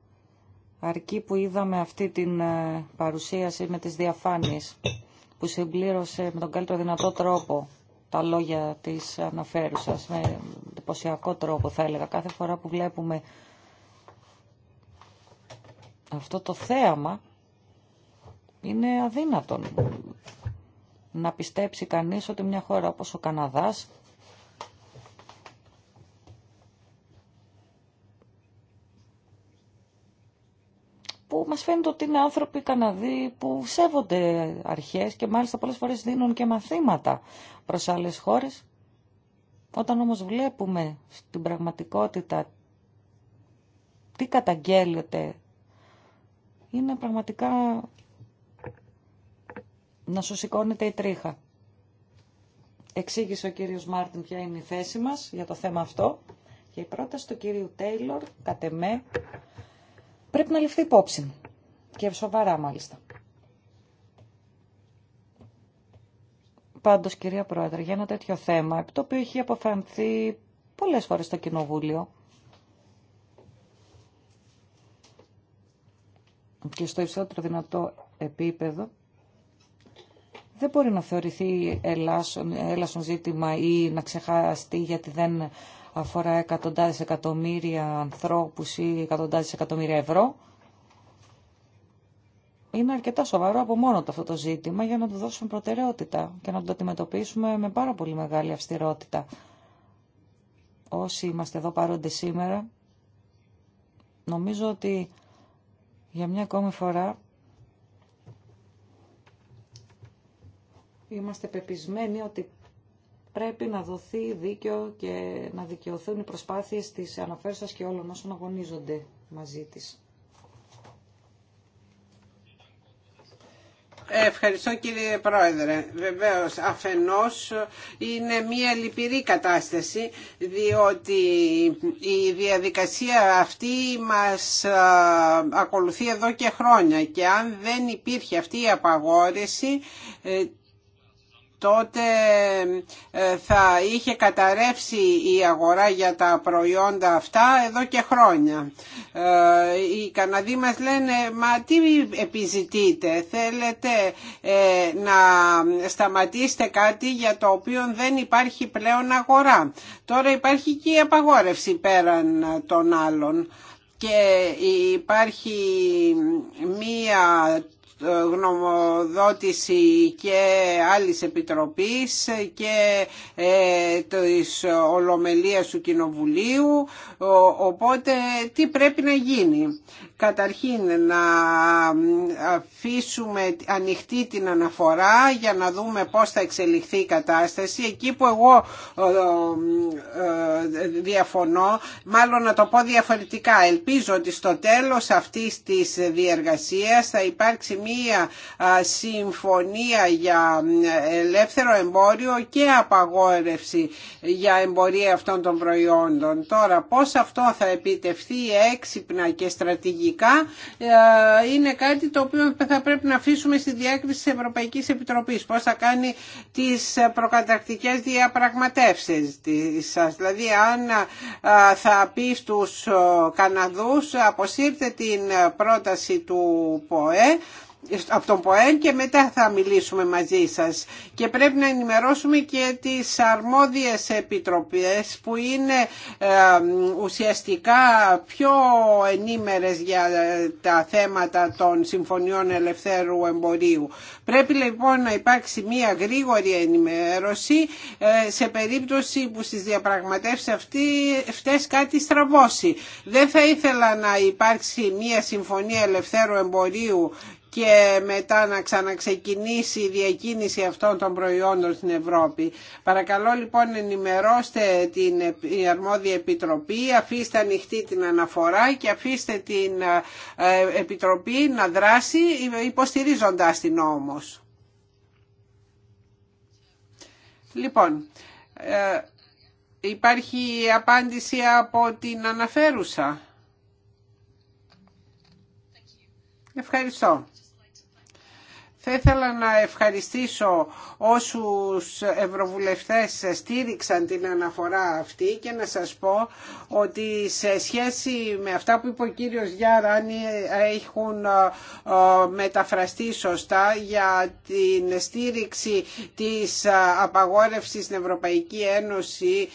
αρκεί που είδαμε αυτή την ε, παρουσίαση με τις διαφάνειες που συμπλήρωσε με τον καλύτερο δυνατό τρόπο τα λόγια της αναφέρουσας με εντυπωσιακό τρόπο θα έλεγα. Κάθε φορά που βλέπουμε αυτό το θέαμα είναι αδύνατον να πιστέψει κανείς ότι μια χώρα όπως ο Καναδάς που μας φαίνεται ότι είναι άνθρωποι Καναδοί που σέβονται αρχές και μάλιστα πολλές φορές δίνουν και μαθήματα προς άλλες χώρες. Όταν όμως βλέπουμε στην πραγματικότητα τι καταγγέλλεται, είναι πραγματικά να σου σηκώνεται η τρίχα. Εξήγησε ο κύριος Μάρτιν ποια είναι η θέση μας για το θέμα αυτό και η πρόταση του κύριου Τέιλορ κατ' πρέπει να ληφθεί υπόψη. Και σοβαρά μάλιστα. Πάντως, κυρία Πρόεδρε, για ένα τέτοιο θέμα, το οποίο έχει αποφανθεί πολλές φορές στο Κοινοβούλιο και στο υψηλότερο δυνατό επίπεδο, δεν μπορεί να θεωρηθεί έλασον ζήτημα ή να ξεχαστεί γιατί δεν αφορά εκατοντάδες εκατομμύρια ανθρώπους ή εκατοντάδες εκατομμύρια ευρώ. Είναι αρκετά σοβαρό από μόνο το αυτό το ζήτημα για να του δώσουμε προτεραιότητα και να το αντιμετωπίσουμε με πάρα πολύ μεγάλη αυστηρότητα. Όσοι είμαστε εδώ παρόντες σήμερα, νομίζω ότι για μια ακόμη φορά είμαστε πεπισμένοι ότι πρέπει να δοθεί δίκαιο και να δικαιωθούν οι προσπάθειες της αναφέρουσας και όλων όσων αγωνίζονται μαζί της. Ευχαριστώ κύριε Πρόεδρε. Βεβαίως αφενός είναι μια λυπηρή κατάσταση διότι η διαδικασία αυτή μας ακολουθεί εδώ και χρόνια και αν δεν υπήρχε αυτή η απαγόρευση ε, τότε ε, θα είχε καταρρεύσει η αγορά για τα προϊόντα αυτά εδώ και χρόνια. Ε, οι Καναδοί μας λένε «Μα τι επιζητείτε, θέλετε ε, να σταματήσετε κάτι για το οποίο δεν υπάρχει πλέον αγορά». Τώρα υπάρχει και η απαγόρευση πέραν των άλλων και υπάρχει μία γνωμοδότηση και άλλης επιτροπής και ε, της Ολομελίας του Κοινοβουλίου οπότε τι πρέπει να γίνει καταρχήν να αφήσουμε ανοιχτή την αναφορά για να δούμε πώς θα εξελιχθεί η κατάσταση. Εκεί που εγώ ε, ε, διαφωνώ, μάλλον να το πω διαφορετικά, ελπίζω ότι στο τέλος αυτής της διεργασίας θα υπάρξει μία συμφωνία για ελεύθερο εμπόριο και απαγόρευση για εμπορία αυτών των προϊόντων. Τώρα πώς αυτό θα επιτευχθεί έξυπνα και στρατηγικά ε, είναι κάτι το οποίο θα πρέπει να αφήσουμε στη διάκριση της Ευρωπαϊκής Επιτροπής. Πώς θα κάνει τις προκατακτικές διαπραγματεύσεις της σας. Δηλαδή αν ε, θα πει στους ε, Καναδούς αποσύρτε την πρόταση του ΠΟΕ από τον και μετά θα μιλήσουμε μαζί σας. Και πρέπει να ενημερώσουμε και τις αρμόδιες επιτροπές που είναι ε, ουσιαστικά πιο ενήμερες για τα θέματα των Συμφωνιών Ελευθέρου Εμπορίου. Πρέπει λοιπόν να υπάρξει μία γρήγορη ενημέρωση ε, σε περίπτωση που στις διαπραγματεύσεις αυτές κάτι στραβώσει. Δεν θα ήθελα να υπάρξει μία Συμφωνία Ελευθέρου Εμπορίου και μετά να ξαναξεκινήσει η διακίνηση αυτών των προϊόντων στην Ευρώπη. Παρακαλώ λοιπόν ενημερώστε την αρμόδια επιτροπή, αφήστε ανοιχτή την αναφορά και αφήστε την ε, επιτροπή να δράσει ε, υποστηρίζοντας την όμως. Λοιπόν, ε, υπάρχει απάντηση από την αναφέρουσα. Ευχαριστώ. Θα ήθελα να ευχαριστήσω όσους ευρωβουλευτές στήριξαν την αναφορά αυτή και να σας πω ότι σε σχέση με αυτά που είπε ο κύριος Γιάννη έχουν ε, ε, μεταφραστεί σωστά για την στήριξη της ε, απαγόρευσης στην Ευρωπαϊκή Ένωση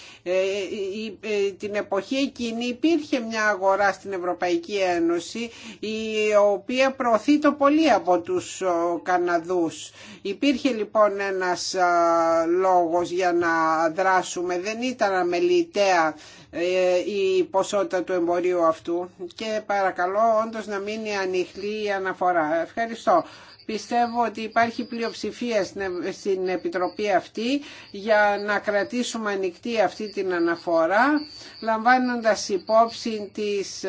την εποχή εκείνη υπήρχε μια αγορά στην Ευρωπαϊκή Ένωση η οποία προωθεί το πολύ από τους κανόνες Καναδούς. Υπήρχε λοιπόν ένας λόγος για να δράσουμε. Δεν ήταν αμεληταία ε, η ποσότητα του εμπορίου αυτού και παρακαλώ όντως να μείνει ανοιχτή η αναφορά. Ευχαριστώ. Πιστεύω ότι υπάρχει πλειοψηφία στην Επιτροπή αυτή για να κρατήσουμε ανοιχτή αυτή την αναφορά λαμβάνοντας υπόψη τις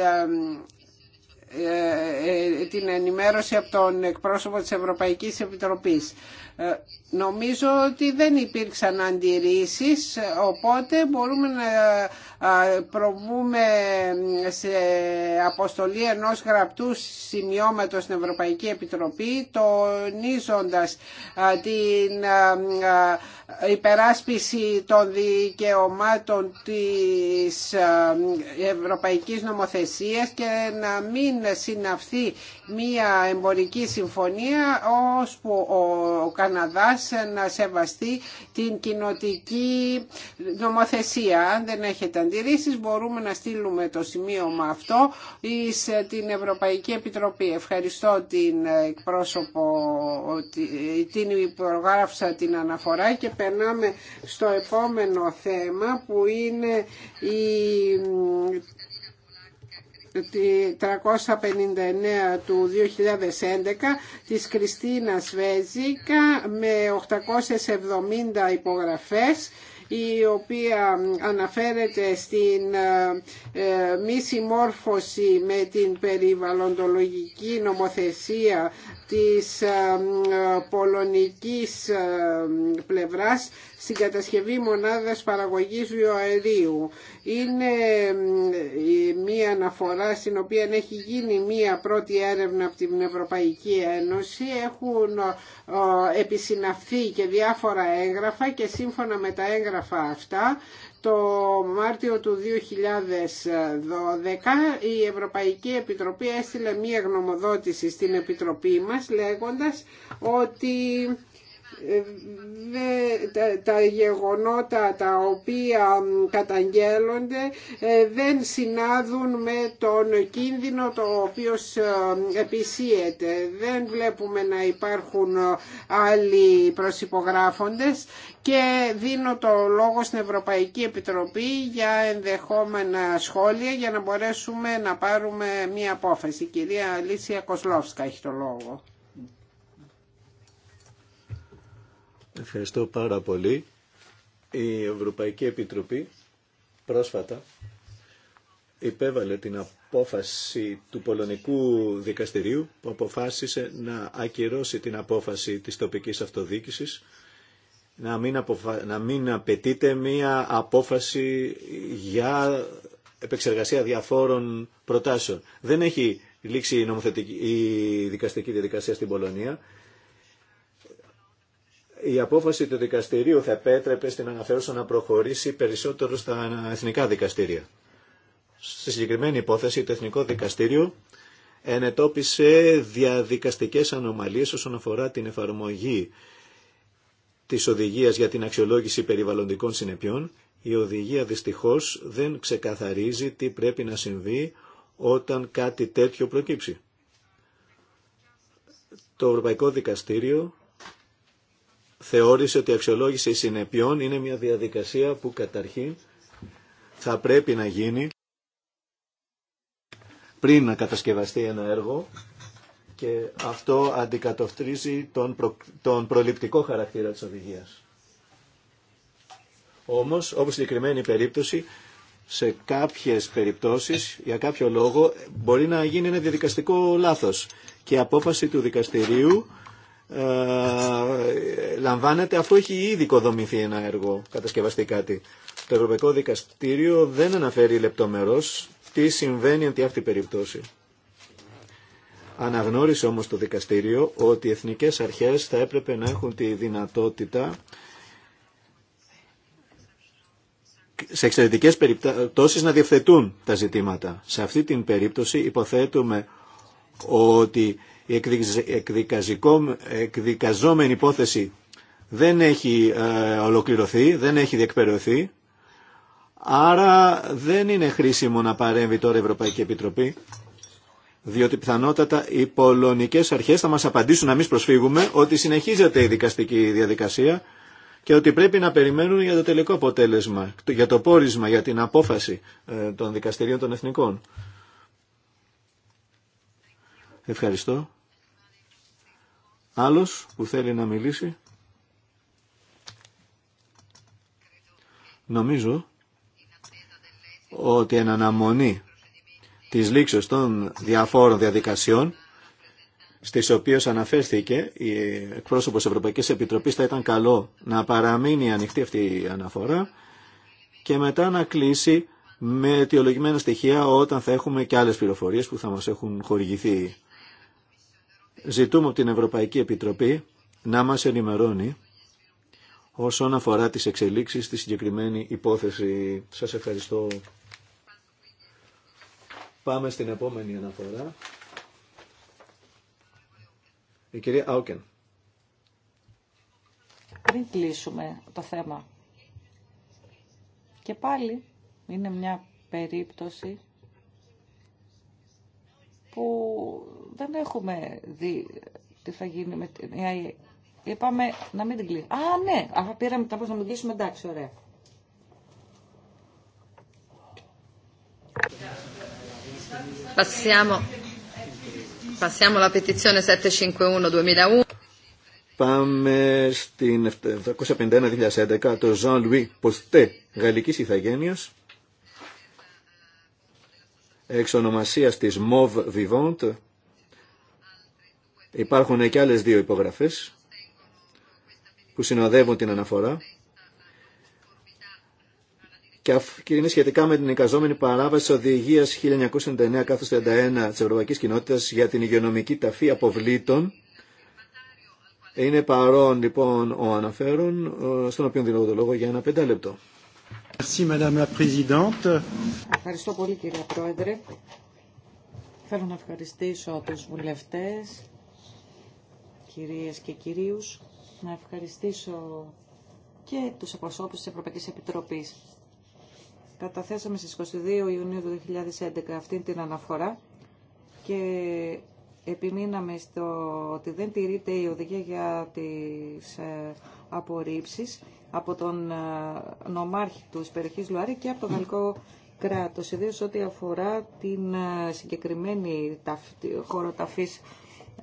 ε, ε, την ενημέρωση από τον εκπρόσωπο της Ευρωπαϊκής Επιτροπής. Ε, Νομίζω ότι δεν υπήρξαν αντιρρήσεις, οπότε μπορούμε να προβούμε σε αποστολή ενός γραπτού σημειώματος στην Ευρωπαϊκή Επιτροπή, τονίζοντας την υπεράσπιση των δικαιωμάτων της Ευρωπαϊκής Νομοθεσίας και να μην συναυθεί μία εμπορική συμφωνία, που ο Καναδάς να σεβαστεί την κοινοτική νομοθεσία. Αν δεν έχετε αντιρρήσεις μπορούμε να στείλουμε το σημείωμα αυτό εις ε, την Ευρωπαϊκή Επιτροπή. Ευχαριστώ την ε, εκπρόσωπο, ε, την υπογράφησα την αναφορά και περνάμε στο επόμενο θέμα που είναι η 359 του 2011 της Κριστίνας Βέζικα με 870 υπογραφές η οποία αναφέρεται στην ε, ε, μη συμμόρφωση με την περιβαλλοντολογική νομοθεσία της ε, πολωνικής πλευράς στην κατασκευή μονάδας παραγωγής βιοαερίου. Είναι μία αναφορά στην οποία έχει γίνει μία πρώτη έρευνα από την Ευρωπαϊκή Ένωση. Έχουν επισυναφθεί και διάφορα έγγραφα και σύμφωνα με τα έγγραφα αυτά το Μάρτιο του 2012 η Ευρωπαϊκή Επιτροπή έστειλε μία γνωμοδότηση στην Επιτροπή μας λέγοντας ότι ναι, τα γεγονότα τα οποία καταγγέλλονται ε, δεν συνάδουν με τον κίνδυνο το οποίος ε, επισύεται. Δεν βλέπουμε να υπάρχουν ε, άλλοι προσυπογράφοντες και δίνω το λόγο στην Ευρωπαϊκή Επιτροπή για ενδεχόμενα σχόλια για να μπορέσουμε να πάρουμε μία απόφαση. κυρία Αλήσια Κοσλόφσκα έχει το λόγο. Ευχαριστώ πάρα πολύ. Η Ευρωπαϊκή Επιτροπή πρόσφατα υπέβαλε την απόφαση του Πολωνικού Δικαστηρίου που αποφάσισε να ακυρώσει την απόφαση της τοπικής αυτοδίκησης να μην, να μην απαιτείται μία απόφαση για επεξεργασία διαφόρων προτάσεων. Δεν έχει λήξει η, νομοθετική... η δικαστική διαδικασία στην Πολωνία η απόφαση του δικαστηρίου θα επέτρεπε στην αναφέρουσα να προχωρήσει περισσότερο στα εθνικά δικαστήρια. Στη συγκεκριμένη υπόθεση το Εθνικό Δικαστήριο ενετόπισε διαδικαστικές ανομαλίες όσον αφορά την εφαρμογή της οδηγίας για την αξιολόγηση περιβαλλοντικών συνεπειών. Η οδηγία δυστυχώς δεν ξεκαθαρίζει τι πρέπει να συμβεί όταν κάτι τέτοιο προκύψει. Το Ευρωπαϊκό Δικαστήριο θεώρησε ότι η αξιολόγηση συνεπειών είναι μια διαδικασία που καταρχήν θα πρέπει να γίνει πριν να κατασκευαστεί ένα έργο και αυτό αντικατοφτρίζει τον, τον προληπτικό χαρακτήρα της οδηγίας. Όμως, όπως συγκεκριμένη περίπτωση, σε κάποιες περιπτώσεις, για κάποιο λόγο, μπορεί να γίνει ένα διαδικαστικό λάθος και η απόφαση του δικαστηρίου ε, λαμβάνεται αφού έχει ήδη οικοδομηθεί ένα έργο, κατασκευαστεί κάτι. Το Ευρωπαϊκό Δικαστήριο δεν αναφέρει λεπτομερώς τι συμβαίνει αντί αυτή η περίπτωση. Αναγνώρισε όμως το δικαστήριο ότι οι εθνικές αρχές θα έπρεπε να έχουν τη δυνατότητα σε εξαιρετικέ περιπτώσεις να διευθετούν τα ζητήματα. Σε αυτή την περίπτωση υποθέτουμε ότι η εκδικαζόμενη υπόθεση δεν έχει ε, ολοκληρωθεί, δεν έχει διεκπαιρεωθεί, άρα δεν είναι χρήσιμο να παρέμβει τώρα η Ευρωπαϊκή Επιτροπή, διότι πιθανότατα οι πολωνικές αρχές θα μας απαντήσουν να μην προσφύγουμε ότι συνεχίζεται η δικαστική διαδικασία και ότι πρέπει να περιμένουν για το τελικό αποτέλεσμα, για το πόρισμα, για την απόφαση ε, των δικαστηρίων των εθνικών. Ευχαριστώ. Άλλος που θέλει να μιλήσει. Νομίζω ότι εν αναμονή της λήξης των διαφόρων διαδικασιών στις οποίες αναφέρθηκε η εκπρόσωπος Ευρωπαϊκής Επιτροπής θα ήταν καλό να παραμείνει ανοιχτή αυτή η αναφορά και μετά να κλείσει με αιτιολογημένα στοιχεία όταν θα έχουμε και άλλες πληροφορίες που θα μας έχουν χορηγηθεί Ζητούμε από την Ευρωπαϊκή Επιτροπή να μας ενημερώνει όσον αφορά τις εξελίξεις στη συγκεκριμένη υπόθεση. Σας ευχαριστώ. Πάμε στην επόμενη αναφορά. Η κυρία Άουκεν. Πριν κλείσουμε το θέμα. Και πάλι είναι μια περίπτωση που δεν έχουμε δει τι θα γίνει με την Είπαμε να μην την κλείσουμε. Α, ναι, αφού πήραμε τα πώς να μην κλείσουμε, εντάξει, ωραία. Passiamo, passiamo alla petizione 751-2001. Πάμε στην 751-2011, το Jean-Louis Postet, γαλλική ηθαγένεια εξ ονομασίας της MOV Vivante. Υπάρχουν και άλλες δύο υπογραφές που συνοδεύουν την αναφορά και είναι σχετικά με την εικαζόμενη οδηγία οδηγίας 1999-31 της Ευρωπαϊκής Κοινότητας για την υγειονομική ταφή αποβλήτων. Είναι παρόν λοιπόν ο αναφέρον, ε, στον οποίο δίνω το λόγο για ένα πεντάλεπτο. Ευχαριστώ πολύ κύριε Πρόεδρε. Θέλω να ευχαριστήσω τους βουλευτές, κυρίες και κυρίους, να ευχαριστήσω και τους εκπροσώπους της Ευρωπαϊκής Επιτροπής. Καταθέσαμε στις 22 Ιουνίου του 2011 αυτή την αναφορά και επιμείναμε στο ότι δεν τηρείται η οδηγία για τις ε, από τον ε, νομάρχη του περιοχής Λουάρη και από το γαλλικό κράτος, ιδίως ό,τι αφορά την ε, συγκεκριμένη χωροταφής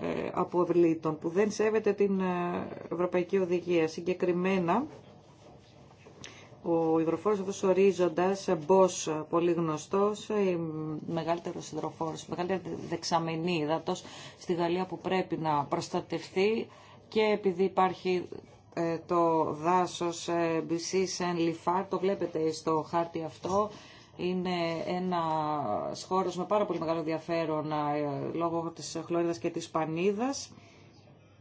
ε, αποβλήτων που δεν σέβεται την Ευρωπαϊκή Οδηγία. Συγκεκριμένα, ο υδροφόρος αυτός ορίζοντας, Μπός, πολύ γνωστός, μεγαλύτερος υδροφόρος, μεγαλύτερη δεξαμενή υδατός στη Γαλλία που πρέπει να προστατευτεί και επειδή υπάρχει ε, το δάσος ε, Σεν Λιφάρ, το βλέπετε στο χάρτη αυτό. Είναι ένα χώρο με πάρα πολύ μεγάλο ενδιαφέρον ε, λόγω της χλωρίδας και της πανίδας.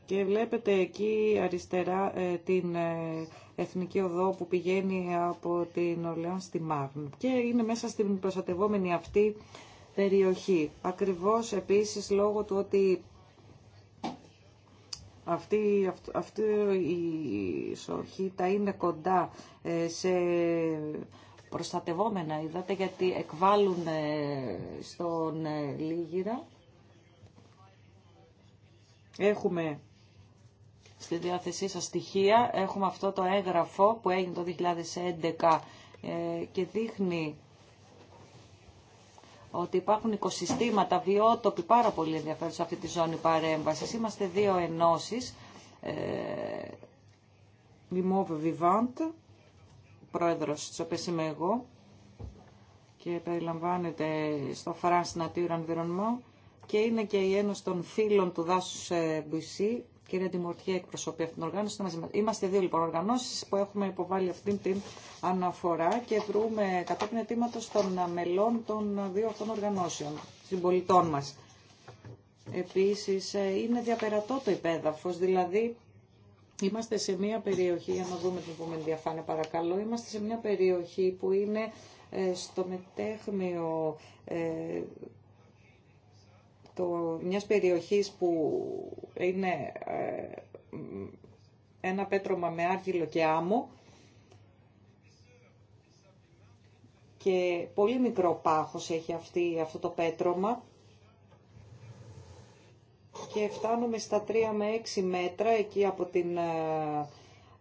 Και βλέπετε εκεί αριστερά την εθνική οδό που πηγαίνει από την Ολεάν στη Μάγνου. Και είναι μέσα στην προστατευόμενη αυτή περιοχή. Ακριβώς επίσης λόγω του ότι αυτή, αυτή, αυτή η σοχήτα είναι κοντά ε, σε προστατευόμενα είδατε γιατί εκβάλλουν στον ε, Λίγυρα. Έχουμε στη διάθεσή σας στοιχεία, έχουμε αυτό το έγγραφο που έγινε το 2011 ε, και δείχνει ότι υπάρχουν οικοσυστήματα, βιότοποι πάρα πολύ ενδιαφέρον σε αυτή τη ζώνη παρέμβαση. Είμαστε δύο ενώσεις, ε, Βιβάντ, Vivant, πρόεδρος της οποίας είμαι εγώ και περιλαμβάνεται στο France Nature Environnement και είναι και η Ένωση των Φίλων του Δάσους ε, Μπουσί κυρία Ντιμορτιέ εκπροσωπεί αυτήν την οργάνωση. Είμαστε δύο λοιπόν οργανώσει που έχουμε υποβάλει αυτήν την αναφορά και βρούμε κατόπιν αιτήματο των μελών των δύο αυτών οργανώσεων, συμπολιτών μα. Επίση, ε, είναι διαπερατό το υπέδαφο, δηλαδή είμαστε σε μια περιοχή, για να δούμε την επόμενη διαφάνεια παρακαλώ, είμαστε σε μια περιοχή που είναι ε, στο μετέχμιο ε, το, μιας περιοχής που είναι ε, ένα πέτρωμα με άργυλο και άμμο και πολύ μικρό πάχος έχει αυτή, αυτό το πέτρωμα και φτάνουμε στα 3 με 6 μέτρα εκεί από την ε,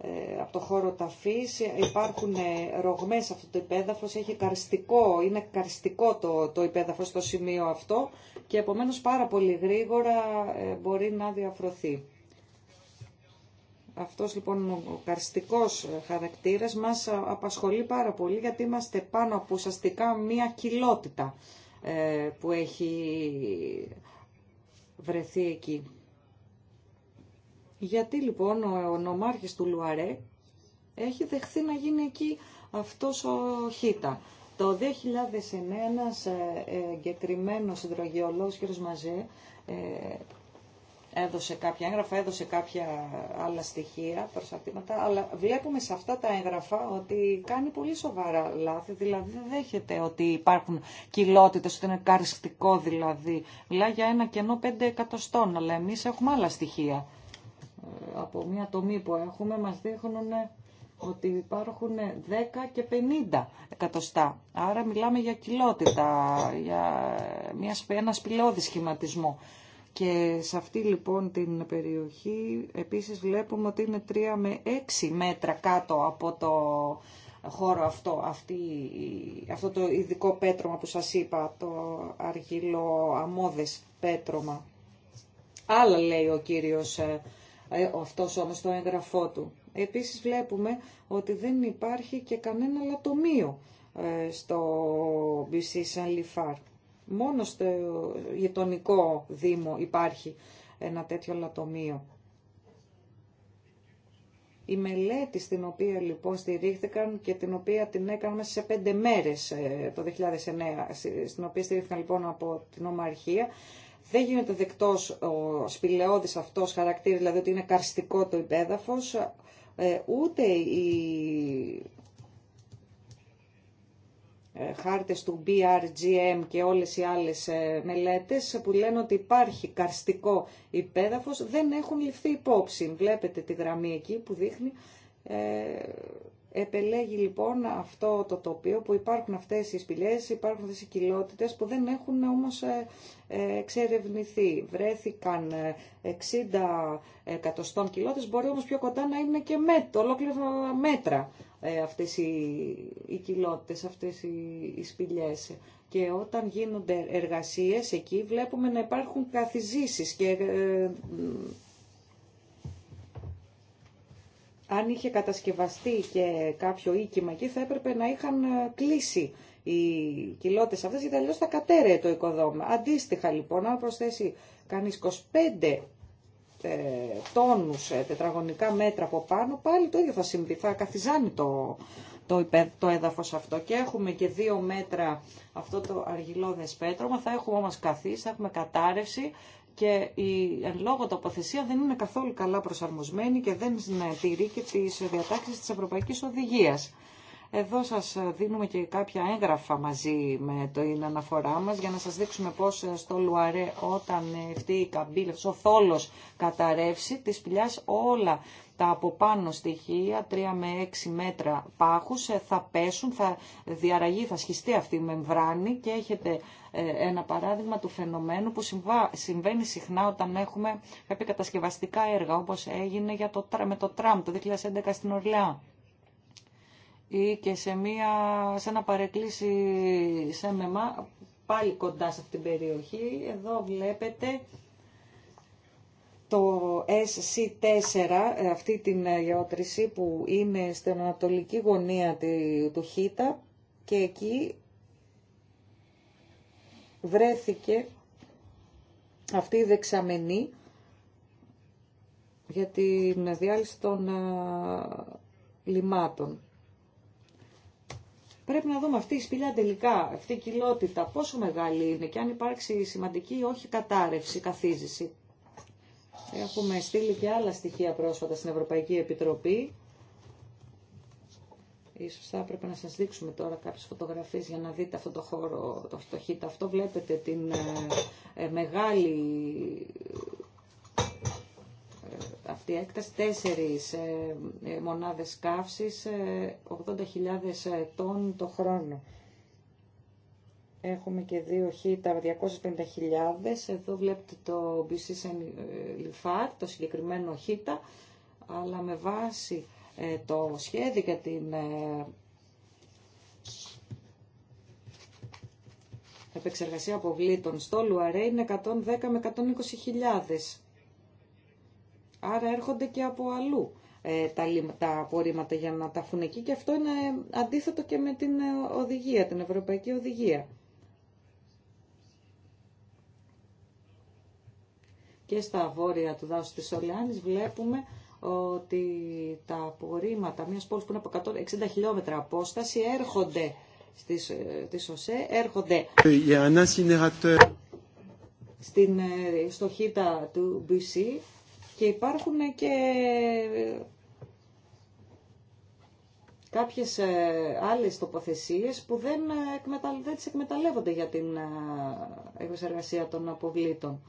ε, από το χώρο ταφής, υπάρχουν ε, ρογμές αυτό το υπέδαφος, έχει καρστικό, είναι καριστικό το, το υπέδαφος στο σημείο αυτό και επομένως πάρα πολύ γρήγορα ε, μπορεί να διαφρωθεί. Αυτός λοιπόν ο καρστικός χαρακτήρας μας απασχολεί πάρα πολύ γιατί είμαστε πάνω από ουσιαστικά μία κοιλότητα που έχει βρεθεί εκεί. Γιατί λοιπόν ο νομάρχης του Λουαρέ έχει δεχθεί να γίνει εκεί αυτός ο Χίτα. Το 2009 ένας ε, εγκεκριμένος συντρογιολόγος κ. Μαζέ ε, έδωσε κάποια έγγραφα, έδωσε κάποια άλλα στοιχεία, προσαρτήματα, αλλά βλέπουμε σε αυτά τα έγγραφα ότι κάνει πολύ σοβαρά λάθη, δηλαδή δεν δέχεται ότι υπάρχουν κοιλότητες, ότι είναι καριστικό δηλαδή. Μιλά για ένα κενό 5 εκατοστών, αλλά εμείς έχουμε άλλα στοιχεία από μια τομή που έχουμε μας δείχνουν ότι υπάρχουν 10 και 50 εκατοστά. Άρα μιλάμε για κοιλότητα για μια, ένα σπηλώδη σχηματισμό. Και σε αυτή λοιπόν την περιοχή επίσης βλέπουμε ότι είναι 3 με 6 μέτρα κάτω από το χώρο αυτό, αυτή, αυτό το ειδικό πέτρωμα που σας είπα, το αργυλοαμόδες πέτρωμα. Άλλα λέει ο κύριος ε, ε, αυτός όμως το έγγραφό του. Επίσης βλέπουμε ότι δεν υπάρχει και κανένα λατομείο ε, στο BC Σαν Lifar. Μόνο στο γειτονικό δήμο υπάρχει ένα τέτοιο λατομείο. Η μελέτη στην οποία λοιπόν στηρίχθηκαν και την οποία την έκαναμε σε πέντε μέρες ε, το 2009, στην οποία στηρίχθηκαν λοιπόν από την Ομαρχία, δεν γίνεται δεκτός ο σπηλαιώδη αυτός χαρακτήρα, δηλαδή ότι είναι καρστικό το υπέδαφος, ε, ούτε οι ε, χάρτες του BRGM και όλες οι άλλες ε, μελέτε που λένε ότι υπάρχει καρστικό υπέδαφος δεν έχουν ληφθεί υπόψη. Βλέπετε τη γραμμή εκεί που δείχνει Επελέγει λοιπόν αυτό το τοπίο που υπάρχουν αυτές οι σπηλιές, υπάρχουν αυτές οι κοιλότητες που δεν έχουν όμως ε, ε, εξερευνηθεί. Βρέθηκαν 60 ε, εκατοστών κοιλότητες, μπορεί όμως πιο κοντά να είναι και μέτρο, ολόκληρα μέτρα αυτές οι, οι κοιλότητες, αυτές οι, οι σπηλιές. Και όταν γίνονται εργασίες εκεί βλέπουμε να υπάρχουν καθιζήσεις και αν είχε κατασκευαστεί και κάποιο οίκημα εκεί θα έπρεπε να είχαν ε, κλείσει οι κοιλώτες αυτές γιατί αλλιώς θα κατέρεε το οικοδόμημα. Αντίστοιχα λοιπόν, αν προσθέσει κανείς 25 ε, τόνους ε, τετραγωνικά μέτρα από πάνω, πάλι το ίδιο θα συμβεί, θα καθιζάνει το, το, το έδαφος αυτό. Και έχουμε και δύο μέτρα αυτό το αργυλώδε πέτρωμα, θα έχουμε όμως καθίσει, θα έχουμε κατάρρευση, και η εν λόγω τοποθεσία δεν είναι καθόλου καλά προσαρμοσμένη και δεν τηρεί και τις διατάξεις της Ευρωπαϊκής Οδηγίας. Εδώ σας δίνουμε και κάποια έγγραφα μαζί με το είναι αναφορά μας για να σας δείξουμε πώς στο Λουαρέ όταν αυτή η καμπύλη, ο θόλος καταρρεύσει, τη σπηλιάς όλα τα από πάνω στοιχεία, 3 με 6 μέτρα πάχους, ε, θα πέσουν, θα διαραγεί, θα σχιστεί αυτή η μεμβράνη και έχετε ε, ένα παράδειγμα του φαινομένου που συμβαίνει συχνά όταν έχουμε κάποια κατασκευαστικά έργα, όπως έγινε για το, με το τραμ το 2011 στην Ορλεά ή και σε, μια, σε ένα παρεκκλήσι σε μεμά, πάλι κοντά σε αυτή την περιοχή. Εδώ βλέπετε το SC4, ε, αυτή την ε, γεώτρηση που είναι στην ανατολική γωνία του Χίτα και εκεί βρέθηκε αυτή η δεξαμενή για την διάλυση των ε, λιμάτων. Πρέπει να δούμε αυτή η σπηλιά τελικά, αυτή η κοιλότητα, πόσο μεγάλη είναι και αν υπάρξει σημαντική ή όχι κατάρρευση, καθίζηση. Έχουμε στείλει και άλλα στοιχεία πρόσφατα στην Ευρωπαϊκή Επιτροπή. Ίσως θα έπρεπε να σας δείξουμε τώρα κάποιες φωτογραφίες για να δείτε αυτό το χώρο, το φτωχύτα. Αυτό βλέπετε την ε, ε, μεγάλη ε, αυτή έκταση, τέσσερις ε, μονάδες καύσης, 80.000 ετών το χρόνο. Έχουμε και δύο χίτα 250.000. Εδώ βλέπετε το BCS Lifar, το συγκεκριμένο χίτα, αλλά με βάση ε, το σχέδιο για την ε, επεξεργασία αποβλήτων στο Λουαρέ είναι 110 με 120.000. Άρα έρχονται και από αλλού ε, τα, τα απορρίμματα για να φούν εκεί και αυτό είναι αντίθετο και με την οδηγία, την Ευρωπαϊκή Οδηγία. και στα βόρεια του δάσου της Σολιάνη βλέπουμε ότι τα απορρίμματα μιας πόλης που είναι από 160 χιλιόμετρα απόσταση έρχονται στις, στις ε, έρχονται στην, ε, στο χίτα του BC και υπάρχουν και ε, κάποιες άλλες τοποθεσίες που δεν, δεν τις εκμεταλλεύονται για την εξεργασία των αποβλήτων.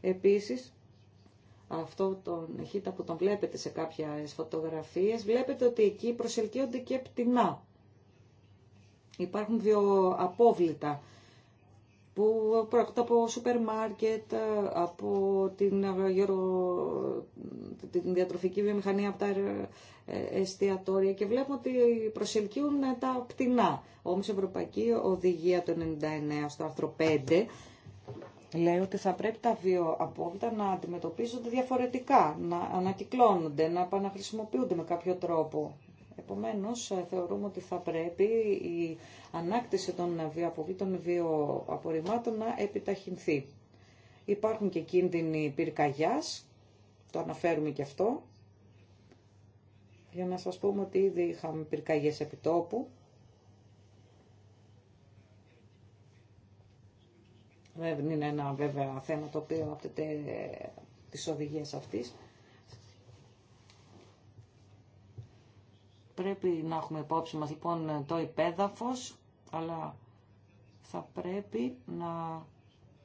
Επίσης, αυτό τον χίτα που τον βλέπετε σε κάποιες φωτογραφίες, βλέπετε ότι εκεί προσελκύονται και πτηνά. Υπάρχουν δύο απόβλητα που πρόκειται από σούπερ μάρκετ, από την, διατροφική βιομηχανία, από τα ε, εστιατόρια και βλέπουμε ότι προσελκύουν τα πτηνά. Όμως η Ευρωπαϊκή Οδηγία το 99 στο άρθρο 5 λέει ότι θα πρέπει τα βιοαπόβλητα να αντιμετωπίζονται διαφορετικά, να ανακυκλώνονται, να επαναχρησιμοποιούνται με κάποιο τρόπο. Επομένως, ε, θεωρούμε ότι θα πρέπει η ανάκτηση των δύο βιοαπορριμμάτων να επιταχυνθεί. Υπάρχουν και κίνδυνοι πυρκαγιάς, το αναφέρουμε και αυτό, για να σας πούμε ότι ήδη είχαμε πυρκαγιές επιτόπου Ε, δεν είναι ένα βέβαια θέμα το οποίο απαιτεί τις οδηγίες αυτής. Πρέπει να έχουμε υπόψη μας λοιπόν το υπέδαφος, αλλά θα πρέπει να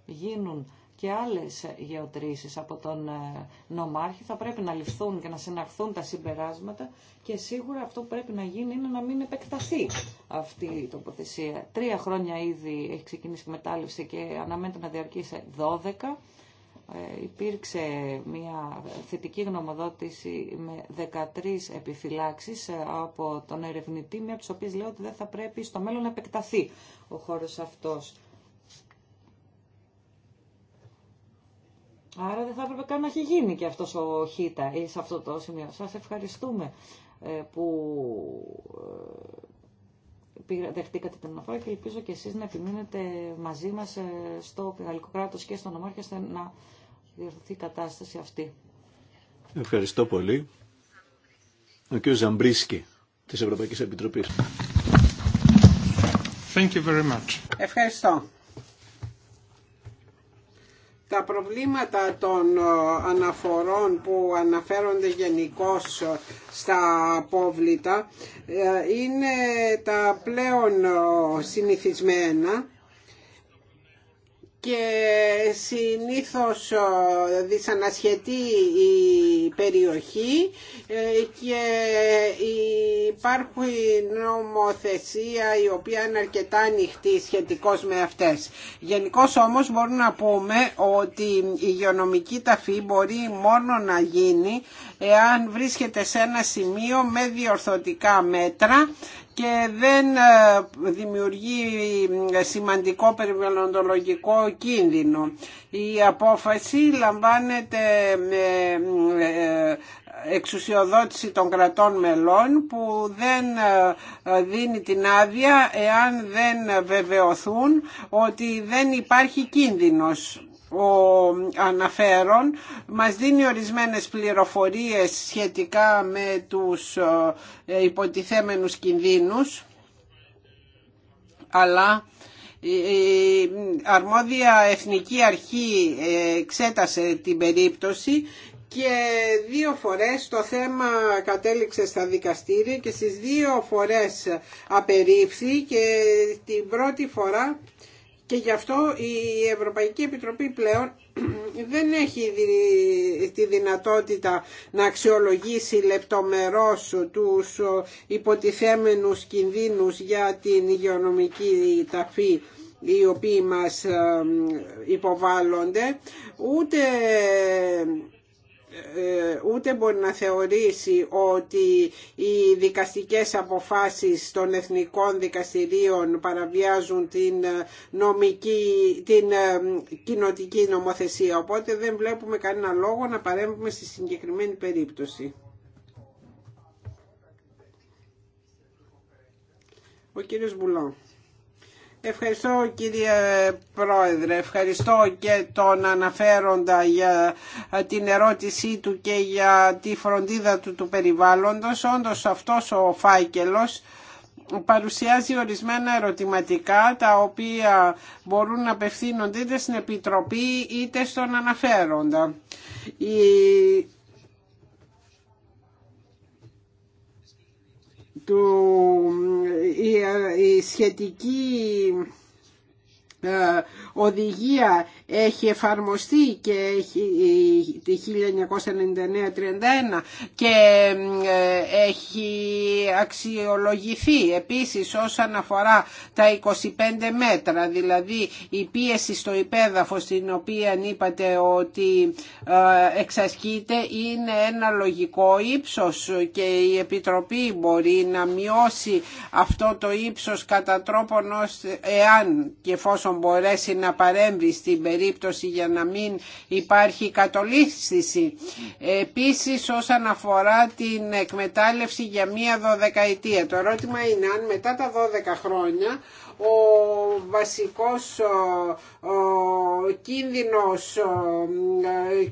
γίνουν και άλλες γεωτρήσεις από τον ε, νομάρχη. Θα πρέπει να ληφθούν και να συναχθούν τα συμπεράσματα και σίγουρα αυτό που πρέπει να γίνει είναι να μην επεκταθεί αυτή η τοποθεσία. Τρία χρόνια ήδη έχει ξεκινήσει η μετάλλευση και αναμένεται να διαρκήσει 12. Ε, υπήρξε μια θετική γνωμοδότηση με 13 επιφυλάξεις ε, από τον ερευνητή, μια από τις οποίες λέω ότι δεν θα πρέπει στο μέλλον να επεκταθεί ο χώρος αυτός. Άρα δεν θα έπρεπε καν να έχει γίνει και αυτός ο Χίτα ή σε αυτό το σημείο. Σας ευχαριστούμε ε, που ε, δεχτήκατε την αναφορά και ελπίζω και εσείς να επιμείνετε μαζί μας ε, στο Γαλλικό κράτος και στο Ομάρχη ώστε να διορθωθεί η κατάσταση αυτή. Ευχαριστώ πολύ. Ο κ. Ζαμπρίσκη της Ευρωπαϊκής Επιτροπής. Thank you very much. Ευχαριστώ τα προβλήματα των ε, αναφορών που αναφέρονται γενικώ ε, στα απόβλητα ε, είναι τα πλέον συνηθισμένα και συνήθως ε, δυσανασχετεί η περιοχή ε, και υπάρχει νομοθεσία η οποία είναι αρκετά ανοιχτή σχετικώς με αυτές. Γενικώ όμως μπορούμε να πούμε ότι η υγειονομική ταφή μπορεί μόνο να γίνει εάν βρίσκεται σε ένα σημείο με διορθωτικά μέτρα και δεν ε, δημιουργεί ε, σημαντικό περιβαλλοντολογικό κίνδυνο. Η απόφαση λαμβάνεται με ε, εξουσιοδότηση των κρατών μελών που δεν δίνει την άδεια εάν δεν βεβαιωθούν ότι δεν υπάρχει κίνδυνος ο αναφέρον μας δίνει ορισμένες πληροφορίες σχετικά με τους ε, υποτιθέμενους κινδύνους αλλά η αρμόδια εθνική αρχή εξέτασε την περίπτωση και δύο φορές το θέμα κατέληξε στα δικαστήρια και στις δύο φορές απερίφθη και την πρώτη φορά και γι' αυτό η Ευρωπαϊκή Επιτροπή πλέον δεν έχει τη δυνατότητα να αξιολογήσει λεπτομερώς τους υποτιθέμενους κινδύνους για την υγειονομική ταφή οι οποίοι μας υποβάλλονται, ούτε ε, ούτε μπορεί να θεωρήσει ότι οι δικαστικές αποφάσεις των εθνικών δικαστηρίων παραβιάζουν την, ε, νομική, την ε, κοινοτική νομοθεσία. Οπότε δεν βλέπουμε κανένα λόγο να παρέμβουμε στη συγκεκριμένη περίπτωση. Ο κύριος Μπουλό. Ευχαριστώ κύριε Πρόεδρε, ευχαριστώ και τον αναφέροντα για την ερώτησή του και για τη φροντίδα του του περιβάλλοντος. Όντως αυτός ο φάκελος παρουσιάζει ορισμένα ερωτηματικά τα οποία μπορούν να απευθύνονται είτε στην Επιτροπή είτε στον αναφέροντα. του, ε, η, ε, η σχετική ε, οδηγία έχει εφαρμοστεί και έχει τη 1999-31 και ε, έχει αξιολογηθεί επίσης όσον αφορά τα 25 μέτρα δηλαδή η πίεση στο υπέδαφο στην οποία είπατε ότι ε, εξασκείται είναι ένα λογικό ύψος και η Επιτροπή μπορεί να μειώσει αυτό το ύψος κατά τρόπον ώστε εάν και εφόσον μπορέσει να παρέμβει στην περίπτωση για να μην υπάρχει κατολίσθηση. Επίσης όσον αφορά την εκμετάλλευση για μία δωδεκαετία. Το ερώτημα είναι αν μετά τα 12 χρόνια ο βασικός ο κίνδυνος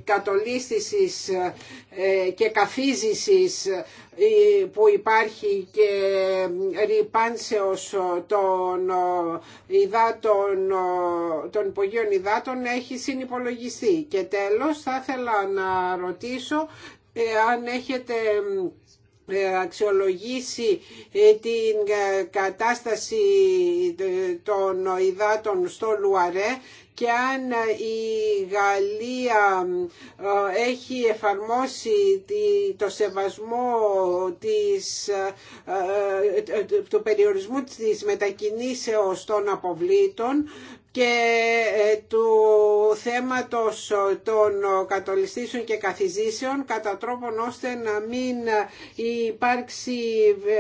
κατολίσθησης ε, και καφίζησης ε, που υπάρχει και ρηπάνσεως ε, των, υδάτων, των υπογείων υδάτων έχει συνυπολογιστεί. Και τέλος θα ήθελα να ρωτήσω αν έχετε ε, αξιολογήσει ε, την ε, κατάσταση των υδάτων στο Λουαρέ και αν η Γαλλία έχει εφαρμόσει το σεβασμό της, του περιορισμού της μετακινήσεως των αποβλήτων και ε, του θέματος των κατολιστήσεων και καθιζήσεων κατά τρόπον ώστε να μην υπάρξει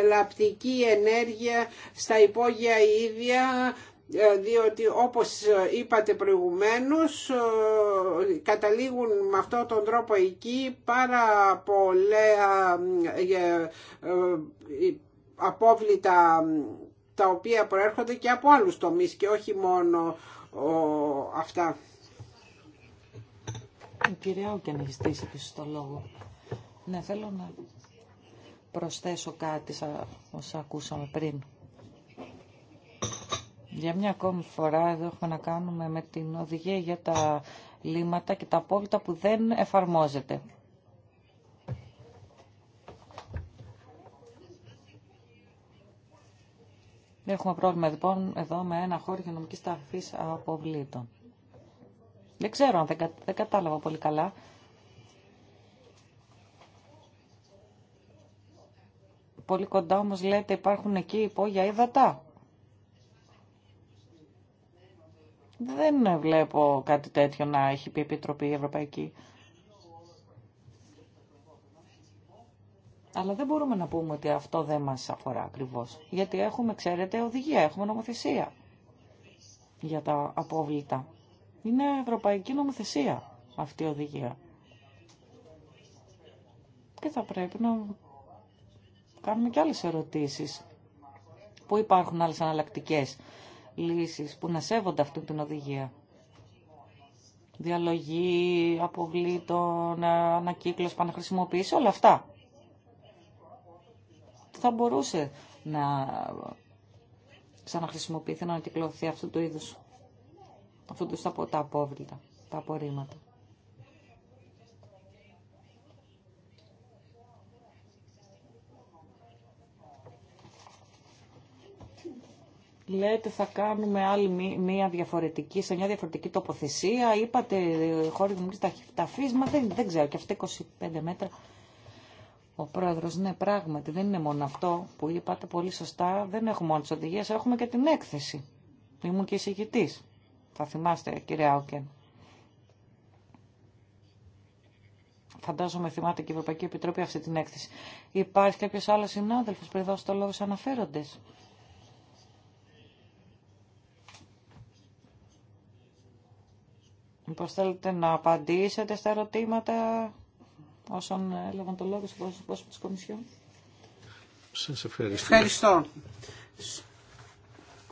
λαπτική ενέργεια στα υπόγεια ίδια ε, διότι όπως είπατε προηγουμένως ε, καταλήγουν με αυτόν τον τρόπο εκεί πάρα πολλά απόβλητα τα οποία προέρχονται και από άλλους τομείς και όχι μόνο αυτά. Η κυρία Όκεν έχει στήσει πίσω το λόγο. Ναι, θέλω να προσθέσω κάτι όσα ακούσαμε πριν. Για μια ακόμη φορά εδώ έχουμε να κάνουμε με την οδηγία για τα λύματα και τα απόλυτα που δεν εφαρμόζεται. Έχουμε πρόβλημα λοιπόν εδώ με ένα χώρο υγειονομικής ταφή αποβλήτων. Δεν ξέρω αν δεν κατάλαβα πολύ καλά. Πολύ κοντά όμως λέτε υπάρχουν εκεί υπόγεια ύδατα. Δεν βλέπω κάτι τέτοιο να έχει πει η Επιτροπή Ευρωπαϊκή. Αλλά δεν μπορούμε να πούμε ότι αυτό δεν μας αφορά ακριβώς. Γιατί έχουμε, ξέρετε, οδηγία, έχουμε νομοθεσία για τα απόβλητα. Είναι ευρωπαϊκή νομοθεσία αυτή η οδηγία. Και θα πρέπει να κάνουμε και άλλες ερωτήσεις. Πού υπάρχουν άλλες αναλλακτικέ λύσεις που να σέβονται αυτή την οδηγία. Διαλογή, αποβλήτων, ανακύκλωση, παναχρησιμοποίηση, όλα αυτά θα μπορούσε να ξαναχρησιμοποιηθεί, να ανακυκλωθεί αυτού του είδους, αυτού του από τα απόβλητα, τα απορρίμματα. Λέτε θα κάνουμε άλλη μία διαφορετική, σε μια διαφορετική τοποθεσία. Είπατε ε, χώροι δημιουργής ταφής, μα δεν, δεν ξέρω, και αυτά 25 μέτρα ο πρόεδρο ναι, πράγματι, δεν είναι μόνο αυτό που είπατε πολύ σωστά. Δεν έχουμε μόνο τι οδηγίε, έχουμε και την έκθεση. Ήμουν και εισηγητή. Θα θυμάστε, κύριε Άουκεν. Φαντάζομαι θυμάται και η Ευρωπαϊκή Επιτροπή αυτή την έκθεση. Υπάρχει κάποιο άλλο συνάδελφο πριν δώσει το λόγο σε αναφέροντε. Μήπω θέλετε να απαντήσετε στα ερωτήματα όσων ε, έλαβαν το λόγο πρόσωπο της Κομισιόν. Σας ευχαριστώ. Ευχαριστώ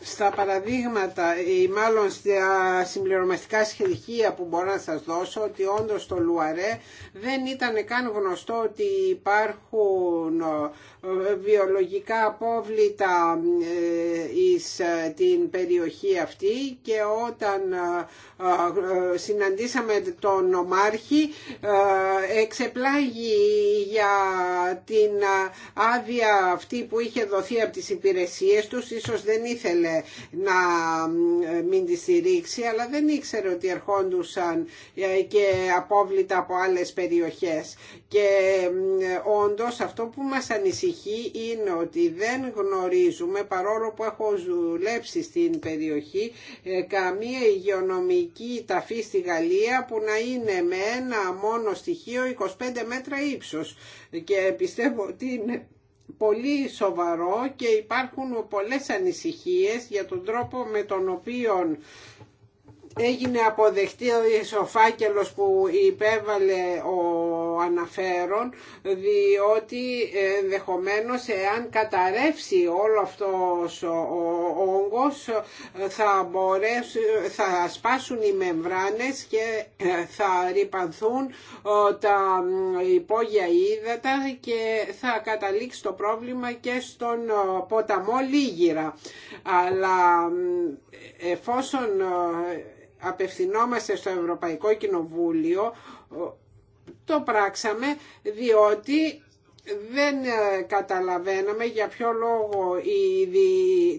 στα παραδείγματα ή μάλλον στα συμπληρωματικά σχεδιχεία που μπορώ να σας δώσω ότι όντως το Λουαρέ δεν ήταν καν γνωστό ότι υπάρχουν ε, βιολογικά απόβλητα ε, εις ε, την περιοχή αυτή και όταν συναντήσαμε τον νομάρχη εξεπλάγει για την άδεια αυτή που είχε δοθεί από τις υπηρεσίες τους ίσως δεν ήθελε να μην τη στηρίξει αλλά δεν ήξερε ότι ερχόντουσαν ε, και απόβλητα από άλλες περιοχές και όντως αυτό που μας ανησυχεί είναι ότι δεν γνωρίζουμε παρόλο που έχω δουλέψει στην περιοχή ε, καμία υγειονομική ταφή στη Γαλλία που να είναι με ένα μόνο στοιχείο 25 μέτρα ύψος και πιστεύω ότι είναι πολύ σοβαρό και υπάρχουν πολλές ανησυχίες για τον τρόπο με τον οποίο έγινε αποδεκτή ο φάκελος που υπέβαλε ο αναφέρον διότι ε, ενδεχομένω εάν καταρρεύσει όλο αυτός ο όγκος θα, μπορέσει, θα σπάσουν οι μεμβράνες και ε, θα ρηπανθούν ε, τα υπόγεια ύδατα και θα καταλήξει το πρόβλημα και στον ποταμό Λίγυρα. Αλλά εφόσον απευθυνόμαστε στο Ευρωπαϊκό Κοινοβούλιο, το πράξαμε διότι δεν ε, καταλαβαίναμε για ποιο λόγο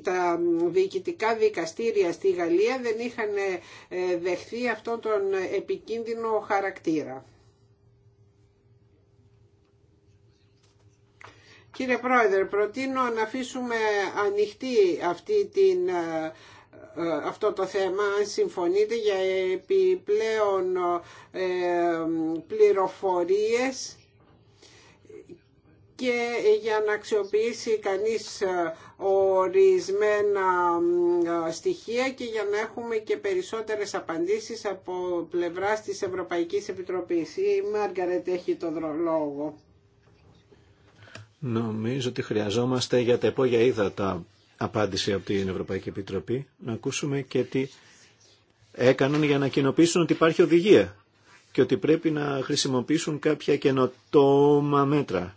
τα διοικητικά δικαστήρια στη Γαλλία δεν είχαν ε, δεχθεί αυτόν τον επικίνδυνο χαρακτήρα. Κύριε Πρόεδρε, προτείνω να αφήσουμε ανοιχτή αυτή την ε, ε, αυτό το θέμα, αν συμφωνείτε, για επιπλέον ε, πληροφορίες και για να αξιοποιήσει κανείς ε, ορισμένα στοιχεία και για να έχουμε και περισσότερες απαντήσεις από πλευράς της Ευρωπαϊκής Επιτροπής. Η Μάργαρετ έχει το λόγο. Νομίζω ότι χρειαζόμαστε για τα υπόγεια ύδατα απάντηση από την Ευρωπαϊκή Επιτροπή, να ακούσουμε και τι έκαναν για να κοινοποιήσουν ότι υπάρχει οδηγία και ότι πρέπει να χρησιμοποιήσουν κάποια καινοτόμα μέτρα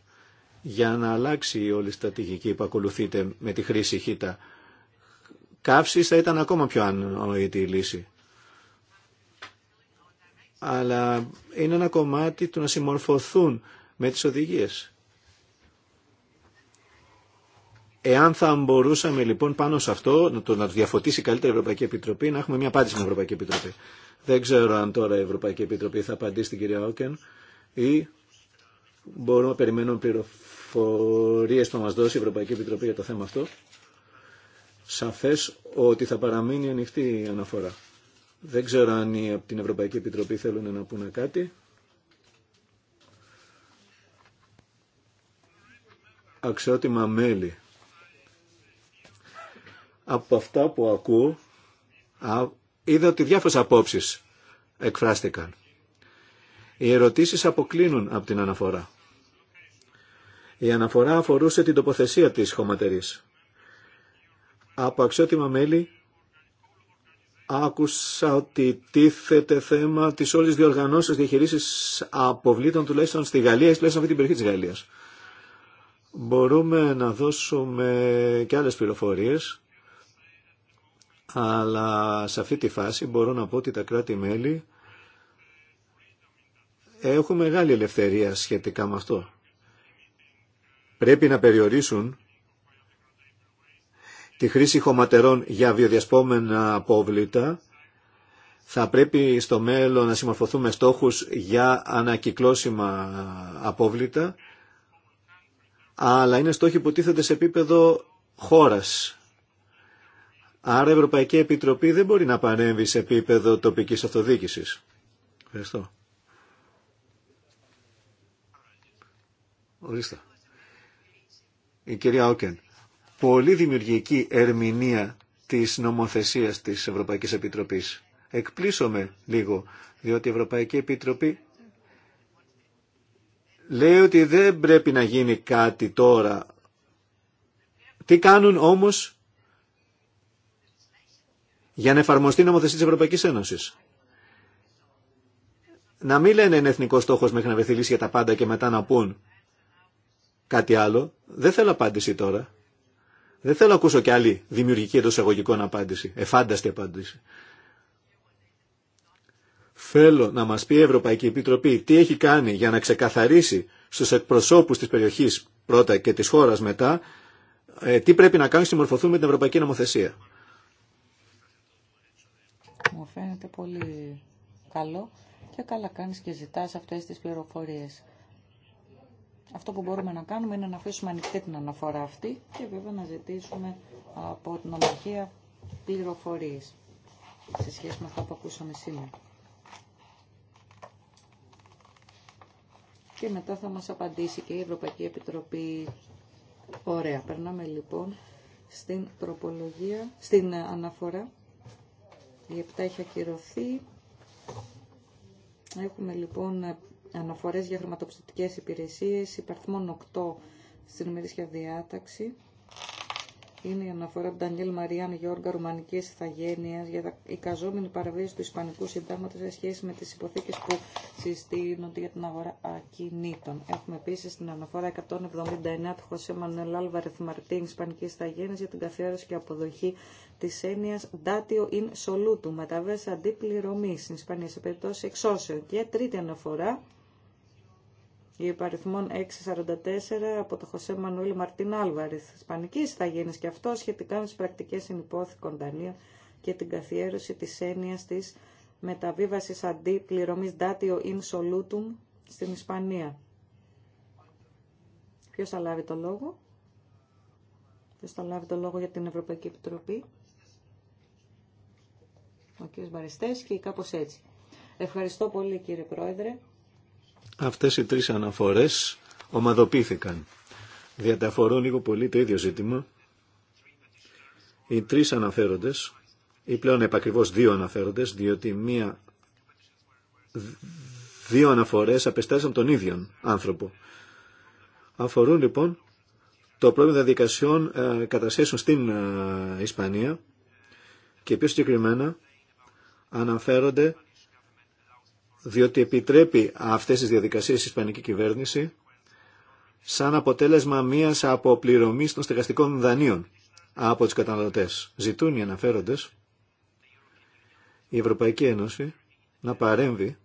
για να αλλάξει όλη η στρατηγική που ακολουθείται με τη χρήση χήτα. Κάψης θα ήταν ακόμα πιο ανοητή η λύση. Αλλά είναι ένα κομμάτι του να συμμορφωθούν με τις οδηγίες. Εάν θα μπορούσαμε λοιπόν πάνω σε αυτό να το, να το διαφωτίσει καλύτερα η Ευρωπαϊκή Επιτροπή, να έχουμε μια απάντηση στην Ευρωπαϊκή Επιτροπή. Δεν ξέρω αν τώρα η Ευρωπαϊκή Επιτροπή θα απαντήσει στην κυρία Όκεν ή μπορούμε να περιμένουμε πληροφορίε που θα μα δώσει η Ευρωπαϊκή Επιτροπή για το θέμα αυτό. Σαφέ ότι θα παραμείνει ανοιχτή η αναφορά. Δεν ξέρω αν οι, από την Ευρωπαϊκή Επιτροπή θέλουν να πούνε κάτι. Αξιότιμα μέλη από αυτά που ακούω, είδα ότι διάφορες απόψεις εκφράστηκαν. Οι ερωτήσεις αποκλίνουν από την αναφορά. Η αναφορά αφορούσε την τοποθεσία της χωματερής. Από αξιότιμα μέλη άκουσα ότι τίθεται θέμα της όλης διοργανώσεως διαχειρήσεις αποβλήτων τουλάχιστον στη Γαλλία ή τουλάχιστον αυτή την περιοχή της Γαλλίας. Μπορούμε να δώσουμε και άλλες πληροφορίες αλλά σε αυτή τη φάση μπορώ να πω ότι τα κράτη-μέλη έχουν μεγάλη ελευθερία σχετικά με αυτό. Πρέπει να περιορίσουν τη χρήση χωματερών για βιοδιασπόμενα απόβλητα. Θα πρέπει στο μέλλον να συμμορφωθούμε στόχους για ανακυκλώσιμα απόβλητα, αλλά είναι στόχοι που τίθενται σε επίπεδο χώρας Άρα η Ευρωπαϊκή Επιτροπή δεν μπορεί να παρέμβει σε επίπεδο τοπικής αυτοδιοίκησης. Ευχαριστώ. Ορίστε. Η κυρία Όκεν. Πολύ δημιουργική ερμηνεία της νομοθεσίας της Ευρωπαϊκής Επιτροπής. Εκπλήσωμε λίγο, διότι η Ευρωπαϊκή Επιτροπή λέει ότι δεν πρέπει να γίνει κάτι τώρα. Τι κάνουν όμως για να εφαρμοστεί η νομοθεσία τη Ευρωπαϊκή Ένωση. Να μην λένε είναι εθνικό στόχο μέχρι να βρεθεί λύση για τα πάντα και μετά να πούν κάτι άλλο. Δεν θέλω απάντηση τώρα. Δεν θέλω να ακούσω κι άλλη δημιουργική εντό εγωγικών απάντηση. Εφάνταστη απάντηση. Θέλω να μας πει η Ευρωπαϊκή Επιτροπή τι έχει κάνει για να ξεκαθαρίσει στους εκπροσώπους της περιοχής πρώτα και της χώρας μετά ε, τι πρέπει να κάνουν να με την Ευρωπαϊκή Νομοθεσία. Μου φαίνεται πολύ καλό και καλά κάνεις και ζητάς αυτές τις πληροφορίες. Αυτό που μπορούμε να κάνουμε είναι να αφήσουμε ανοιχτή την αναφορά αυτή και βέβαια να ζητήσουμε από την Ομορφία πληροφορίες σε σχέση με αυτά που ακούσαμε σήμερα. Και μετά θα μας απαντήσει και η Ευρωπαϊκή Επιτροπή. Ωραία, περνάμε λοιπόν στην τροπολογία, στην αναφορά η 7 έχει ακυρωθεί. Έχουμε λοιπόν αναφορές για χρηματοπιστωτικές υπηρεσίες, υπαρθμόν 8 στην ημερήσια διάταξη. Είναι η αναφορά από Ντανιέλ Μαριάν Γιώργα, Ρουμανική Ιθαγένεια, για τα εικαζόμενη παραβίαση του Ισπανικού Συντάγματο σε σχέση με τι υποθήκε που συστήνονται για την αγορά ακινήτων. Έχουμε επίση την αναφορά 179 του Χωσέ Μανουέλ Άλβαρεθ Μαρτίν, Ισπανική Ιθαγένεια, για την καθιέρωση και αποδοχή Τη έννοια datio in solutum, μεταβέσα αντιπληρωμή στην Ισπανία σε περιπτώσει εξώσεων. Και τρίτη αναφορά, η υπαριθμών 644 από το Χωσέ Μανουήλ Μαρτίν Άλβαρη. Ισπανική θα γίνει και αυτό σχετικά με τι πρακτικέ συνυπόθηκων δανείων και την καθιέρωση τη έννοια τη μεταβίβαση αντιπληρωμή datio in solutum στην Ισπανία. Ποιο θα λάβει το λόγο? Ποιος θα λάβει το λόγο για την Ευρωπαϊκή Επιτροπή? ο κ. και κάπως έτσι. Ευχαριστώ πολύ κύριε Πρόεδρε. Αυτές οι τρεις αναφορές ομαδοποιήθηκαν. Διαταφορούν λίγο πολύ το ίδιο ζήτημα. Οι τρεις αναφέροντες, ή πλέον επακριβώς δύο αναφέροντες, διότι μία, δύο αναφορές απεστάσαν τον ίδιο άνθρωπο. Αφορούν λοιπόν το πρόβλημα διαδικασιών ε, κατασχέσεων στην ε, Ισπανία και πιο συγκεκριμένα αναφέρονται διότι επιτρέπει αυτές τις διαδικασίες η Ισπανική κυβέρνηση σαν αποτέλεσμα μίας αποπληρωμής των στεγαστικών δανείων από τους καταναλωτές. Ζητούν οι αναφέροντες η Ευρωπαϊκή Ένωση να παρέμβει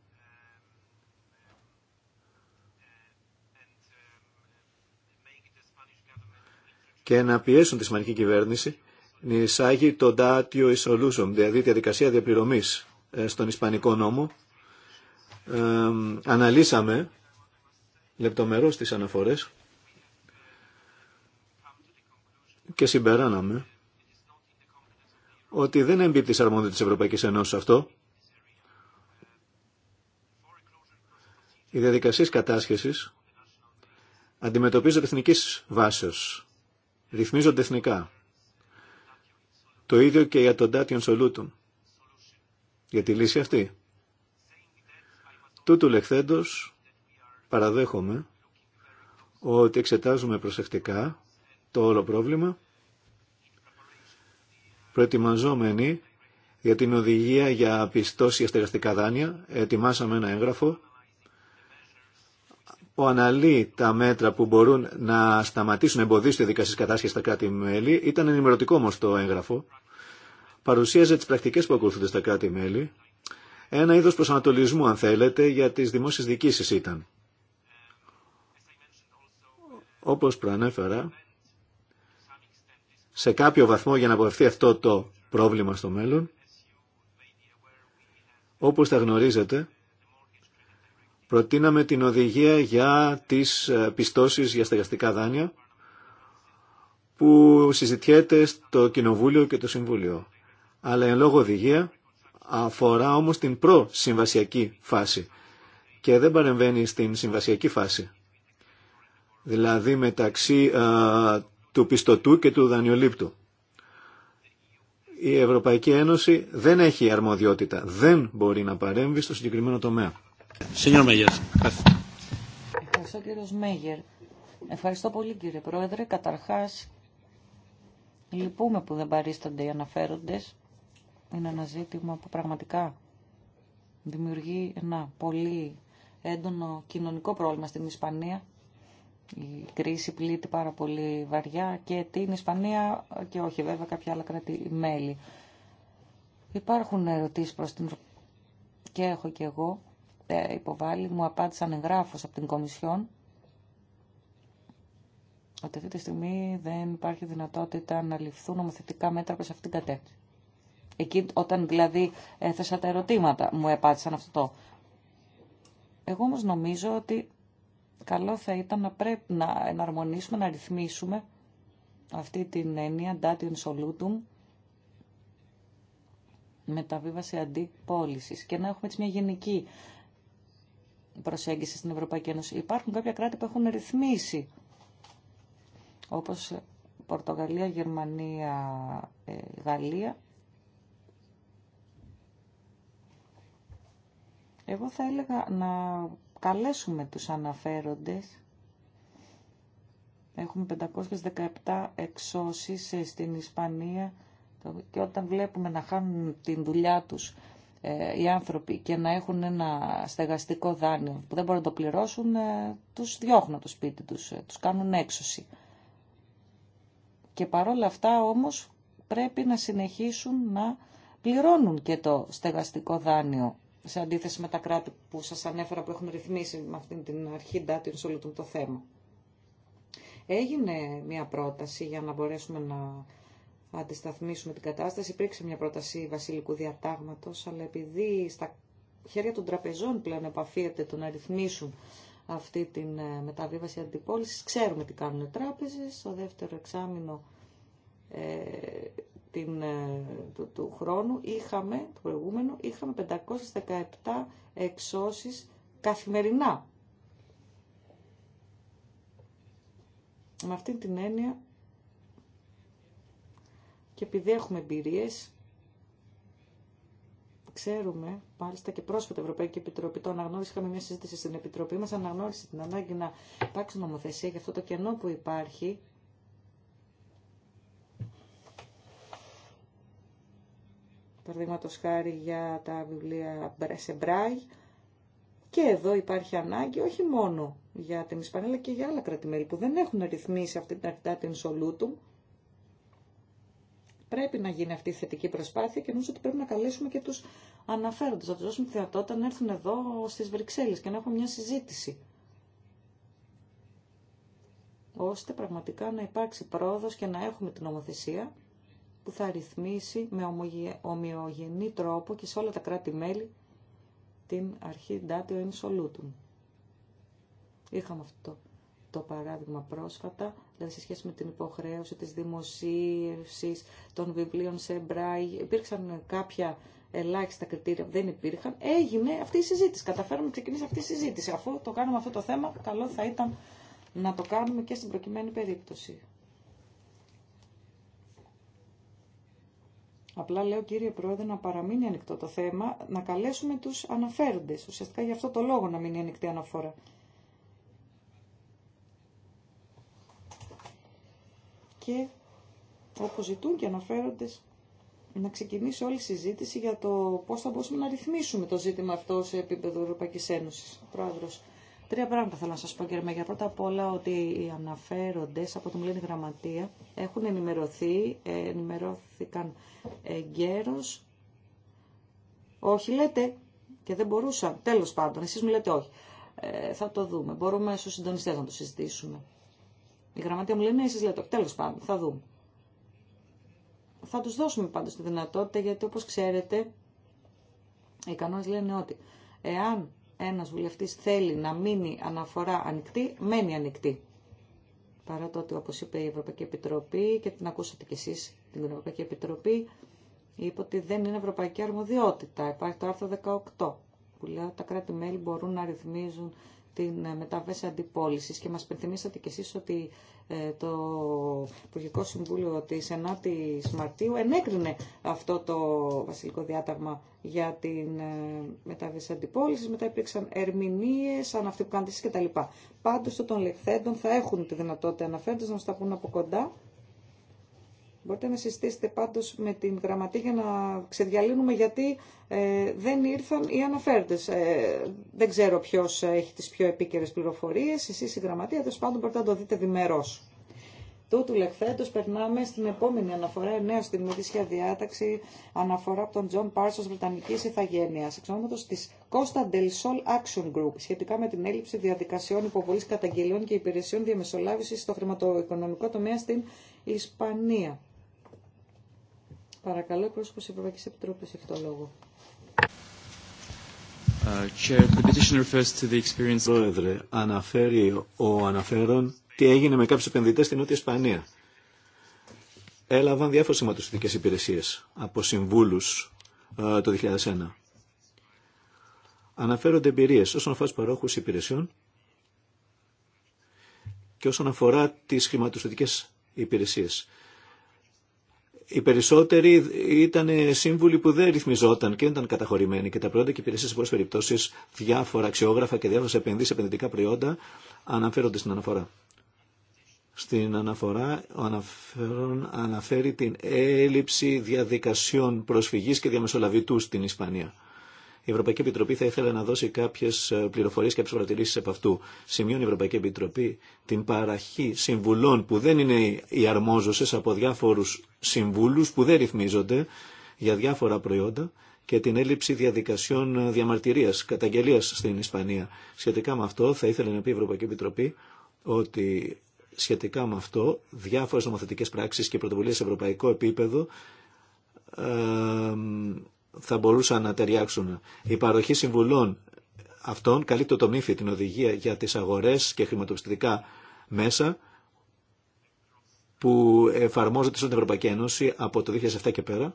και να πιέσουν τη Ισπανική κυβέρνηση εισάγει το datio isolusum, δηλαδή τη διαδικασία διαπληρωμής ε, στον Ισπανικό νόμο. Ε, αναλύσαμε λεπτομερώς τις αναφορές και συμπεράναμε ότι δεν εμπίπτει της της Ευρωπαϊκής Ενώσης αυτό. Οι διαδικασίες κατάσχεσης αντιμετωπίζονται εθνικής βάσεως, ρυθμίζονται εθνικά. Το ίδιο και για τον Τάτιον Σολούτον. Για τη λύση αυτή. Τούτου λεχθέντος παραδέχομαι ότι εξετάζουμε προσεκτικά το όλο πρόβλημα προετοιμαζόμενοι για την οδηγία για πιστώσει αστεγαστικά δάνεια. Ετοιμάσαμε ένα έγγραφο ο αναλύει τα μέτρα που μπορούν να σταματήσουν να εμποδίσουν διαδικασίε κατάσχεση στα κράτη-μέλη. Ήταν ενημερωτικό όμω το έγγραφο. Παρουσίαζε τι πρακτικέ που ακολουθούνται στα κράτη-μέλη. Ένα είδο προσανατολισμού, αν θέλετε, για τι δημόσιε διοικήσει ήταν. Όπω προανέφερα, σε κάποιο βαθμό για να αποφευθεί αυτό το πρόβλημα στο μέλλον, όπως τα γνωρίζετε, προτείναμε την οδηγία για τις ε, πιστώσεις για στεγαστικά δάνεια που συζητιέται στο Κοινοβούλιο και το Συμβούλιο. Αλλά εν λόγω οδηγία αφορά όμως την προ-συμβασιακή φάση και δεν παρεμβαίνει στην συμβασιακή φάση. Δηλαδή μεταξύ ε, του πιστωτού και του δανειολήπτου. Η Ευρωπαϊκή Ένωση δεν έχει αρμοδιότητα, δεν μπορεί να παρέμβει στο συγκεκριμένο τομέα. Ευχαριστώ κύριο Μέγερ. Ευχαριστώ πολύ κύριε Πρόεδρε. Καταρχάς, λυπούμε που δεν παρίστανται οι αναφέροντες. Είναι ένα ζήτημα που πραγματικά δημιουργεί ένα πολύ έντονο κοινωνικό πρόβλημα στην Ισπανία. Η κρίση πλήττει πάρα πολύ βαριά και την Ισπανία και όχι βέβαια κάποια άλλα κράτη-μέλη. Υπάρχουν ερωτήσεις προς την... και έχω και εγώ υποβάλλει. υποβάλει, μου απάντησαν εγγράφος από την Κομισιόν ότι αυτή τη στιγμή δεν υπάρχει δυνατότητα να ληφθούν νομοθετικά μέτρα προς αυτήν την κατεύθυνση. Εκεί όταν δηλαδή έθεσα τα ερωτήματα μου απάντησαν αυτό. Εγώ όμως νομίζω ότι καλό θα ήταν να πρέπει να εναρμονίσουμε, να ρυθμίσουμε αυτή την έννοια «datium solutum» μεταβίβαση αντί και να έχουμε έτσι μια γενική προσέγγιση στην Ευρωπαϊκή Ένωση. Υπάρχουν κάποια κράτη που έχουν ρυθμίσει, όπως Πορτογαλία, Γερμανία, ε, Γαλλία. Εγώ θα έλεγα να καλέσουμε τους αναφέροντες. Έχουμε 517 εξώσεις ε, στην Ισπανία και όταν βλέπουμε να χάνουν την δουλειά τους ε, οι άνθρωποι και να έχουν ένα στεγαστικό δάνειο που δεν μπορούν να το πληρώσουν, ε, τους διώχνουν το σπίτι τους, ε, τους κάνουν έξωση. Και παρόλα αυτά όμως πρέπει να συνεχίσουν να πληρώνουν και το στεγαστικό δάνειο σε αντίθεση με τα κράτη που σας ανέφερα που έχουν ρυθμίσει με αυτήν την αρχή ντάτη σε όλο το θέμα. Έγινε μια πρόταση για να μπορέσουμε να αντισταθμίσουμε την κατάσταση. Υπήρξε μια πρόταση βασιλικού διατάγματος, αλλά επειδή στα χέρια των τραπεζών πλέον επαφίεται το να ρυθμίσουν αυτή τη ε, μεταβίβαση αντιπόλησης, ξέρουμε τι κάνουν οι τράπεζες. Στο δεύτερο εξάμεινο ε, την, ε, του, χρόνου είχαμε, το προηγούμενο, είχαμε 517 εξώσεις καθημερινά. Με αυτή την έννοια και επειδή έχουμε εμπειρίε, ξέρουμε, μάλιστα και πρόσφατα η Ευρωπαϊκή Επιτροπή το αναγνώρισε, είχαμε μια συζήτηση στην Επιτροπή μας, αναγνώρισε την ανάγκη να υπάρξει νομοθεσία για αυτό το κενό που υπάρχει παραδείγματο χάρη για τα βιβλία σε Και εδώ υπάρχει ανάγκη όχι μόνο για την Ισπανία αλλά και για άλλα κρατημέλη που δεν έχουν ρυθμίσει αυτή την αρκετά την Σολούτου. Πρέπει να γίνει αυτή η θετική προσπάθεια και νομίζω ότι πρέπει να καλέσουμε και τους αναφέροντες, να τους δώσουμε τη δυνατότητα να έρθουν εδώ στις Βρυξέλλες και να έχουν μια συζήτηση ώστε πραγματικά να υπάρξει πρόοδο και να έχουμε την νομοθεσία που θα ρυθμίσει με ομοιογενή τρόπο και σε όλα τα κράτη-μέλη την αρχή ντάτιο Είχαμε αυτό το παράδειγμα πρόσφατα δηλαδή σε σχέση με την υποχρέωση της δημοσίευσης των βιβλίων σε μπράι. Υπήρξαν κάποια ελάχιστα κριτήρια που δεν υπήρχαν. Έγινε αυτή η συζήτηση. Καταφέρουμε να ξεκινήσει αυτή η συζήτηση. Αφού το κάνουμε αυτό το θέμα, καλό θα ήταν να το κάνουμε και στην προκειμένη περίπτωση. Απλά λέω κύριε Πρόεδρε να παραμείνει ανοιχτό το θέμα, να καλέσουμε τους αναφέροντες. Ουσιαστικά γι' αυτό το λόγο να μείνει ανοιχτή αναφορά. και όπως ζητούν και αναφέρονται να ξεκινήσει όλη η συζήτηση για το πώς θα μπορούσαμε να ρυθμίσουμε το ζήτημα αυτό σε επίπεδο Ευρωπαϊκής Ένωσης. Πρόεδρος, τρία πράγματα θέλω να σας πω κύριε Μέγια. Πρώτα απ' όλα ότι οι αναφέροντες από το Μιλένη Γραμματεία έχουν ενημερωθεί, ε, ενημερώθηκαν εγκαίρως. Όχι λέτε και δεν μπορούσαν. Τέλος πάντων, εσείς μου λέτε όχι. Ε, θα το δούμε. Μπορούμε στους συντονιστές να το συζητήσουμε. Η γραμματεία μου λέει ναι, εσείς λέτε. Τέλος πάντων, θα δούμε. Θα τους δώσουμε πάντως τη δυνατότητα γιατί όπως ξέρετε οι κανόνες λένε ότι εάν ένας βουλευτής θέλει να μείνει αναφορά ανοιχτή, μένει ανοιχτή. Παρά το ότι όπως είπε η Ευρωπαϊκή Επιτροπή και την ακούσατε κι εσείς την Ευρωπαϊκή Επιτροπή είπε ότι δεν είναι ευρωπαϊκή αρμοδιότητα. Υπάρχει το άρθρο 18 που λέει ότι τα κράτη-μέλη μπορούν να ρυθμίζουν την ε, μεταβέση αντιπόλησης και μας πενθυμίσατε κι εσείς ότι ε, το Υπουργικό Συμβούλιο της 9 η Μαρτίου ενέκρινε αυτό το βασιλικό διάταγμα για την ε, μεταβέση αντιπόλησης, μετά υπήρξαν ερμηνείες, εσείς κτλ. Πάντως το των λεχθέντων θα έχουν τη δυνατότητα αναφέροντας να μας τα πούν από κοντά Μπορείτε να συστήσετε πάντως με την γραμματή για να ξεδιαλύνουμε γιατί ε, δεν ήρθαν οι αναφέρτες. Ε, δεν ξέρω ποιος ε, έχει τις πιο επίκαιρες πληροφορίες, εσείς η γραμματεία, τέλο πάντων μπορείτε να το δείτε διμερώς. Τούτου λεχθέντο, περνάμε στην επόμενη αναφορά, νέα στην ημερήσια διάταξη, αναφορά από τον Τζον Πάρσο Βρετανική Ιθαγένειας, εξονόματος τη Costa del Sol Action Group, σχετικά με την έλλειψη διαδικασιών υποβολή καταγγελιών και υπηρεσιών διαμεσολάβηση στο χρηματοοικονομικό τομέα στην Ισπανία. Παρακαλώ, πρόσωπος της Ευρωπαϊκής Επιτροπής έχει το λόγο. Ε, Πρόεδρε, αναφέρει ο αναφέρον τι έγινε με κάποιους επενδυτές στην Νότια Ισπανία. Έλαβαν διάφορες σηματοσυντικές υπηρεσίες από συμβούλους ε, το 2001. Αναφέρονται εμπειρίε όσον αφορά του παρόχου υπηρεσιών και όσον αφορά τι χρηματοσυντικές υπηρεσίε οι περισσότεροι ήταν σύμβουλοι που δεν ρυθμιζόταν και δεν ήταν καταχωρημένοι και τα προϊόντα και υπηρεσίε σε πολλέ περιπτώσει, διάφορα αξιόγραφα και διάφορε επενδύσει, επενδυτικά προϊόντα αναφέρονται στην αναφορά. Στην αναφορά ο αναφέρον αναφέρει την έλλειψη διαδικασιών προσφυγής και διαμεσολαβητού στην Ισπανία. Η Ευρωπαϊκή Επιτροπή θα ήθελε να δώσει κάποιε πληροφορίε και παρατηρήσει από αυτού. Σημειώνει η Ευρωπαϊκή Επιτροπή την παραχή συμβουλών που δεν είναι οι αρμόζωσε από διάφορου συμβούλου που δεν ρυθμίζονται για διάφορα προϊόντα και την έλλειψη διαδικασιών ε, διαμαρτυρία, καταγγελία στην Ισπανία. Σχετικά με αυτό, θα ήθελε να πει η Ευρωπαϊκή Επιτροπή ότι σχετικά με αυτό διάφορε νομοθετικέ πράξει και πρωτοβουλίε σε ευρωπαϊκό επίπεδο ε, θα μπορούσαν να ταιριάξουν. Η παροχή συμβουλών αυτών καλύπτει το μύθι, την οδηγία για τις αγορές και χρηματοπιστωτικά μέσα που εφαρμόζεται στην Ευρωπαϊκή Ένωση από το 2007 και πέρα.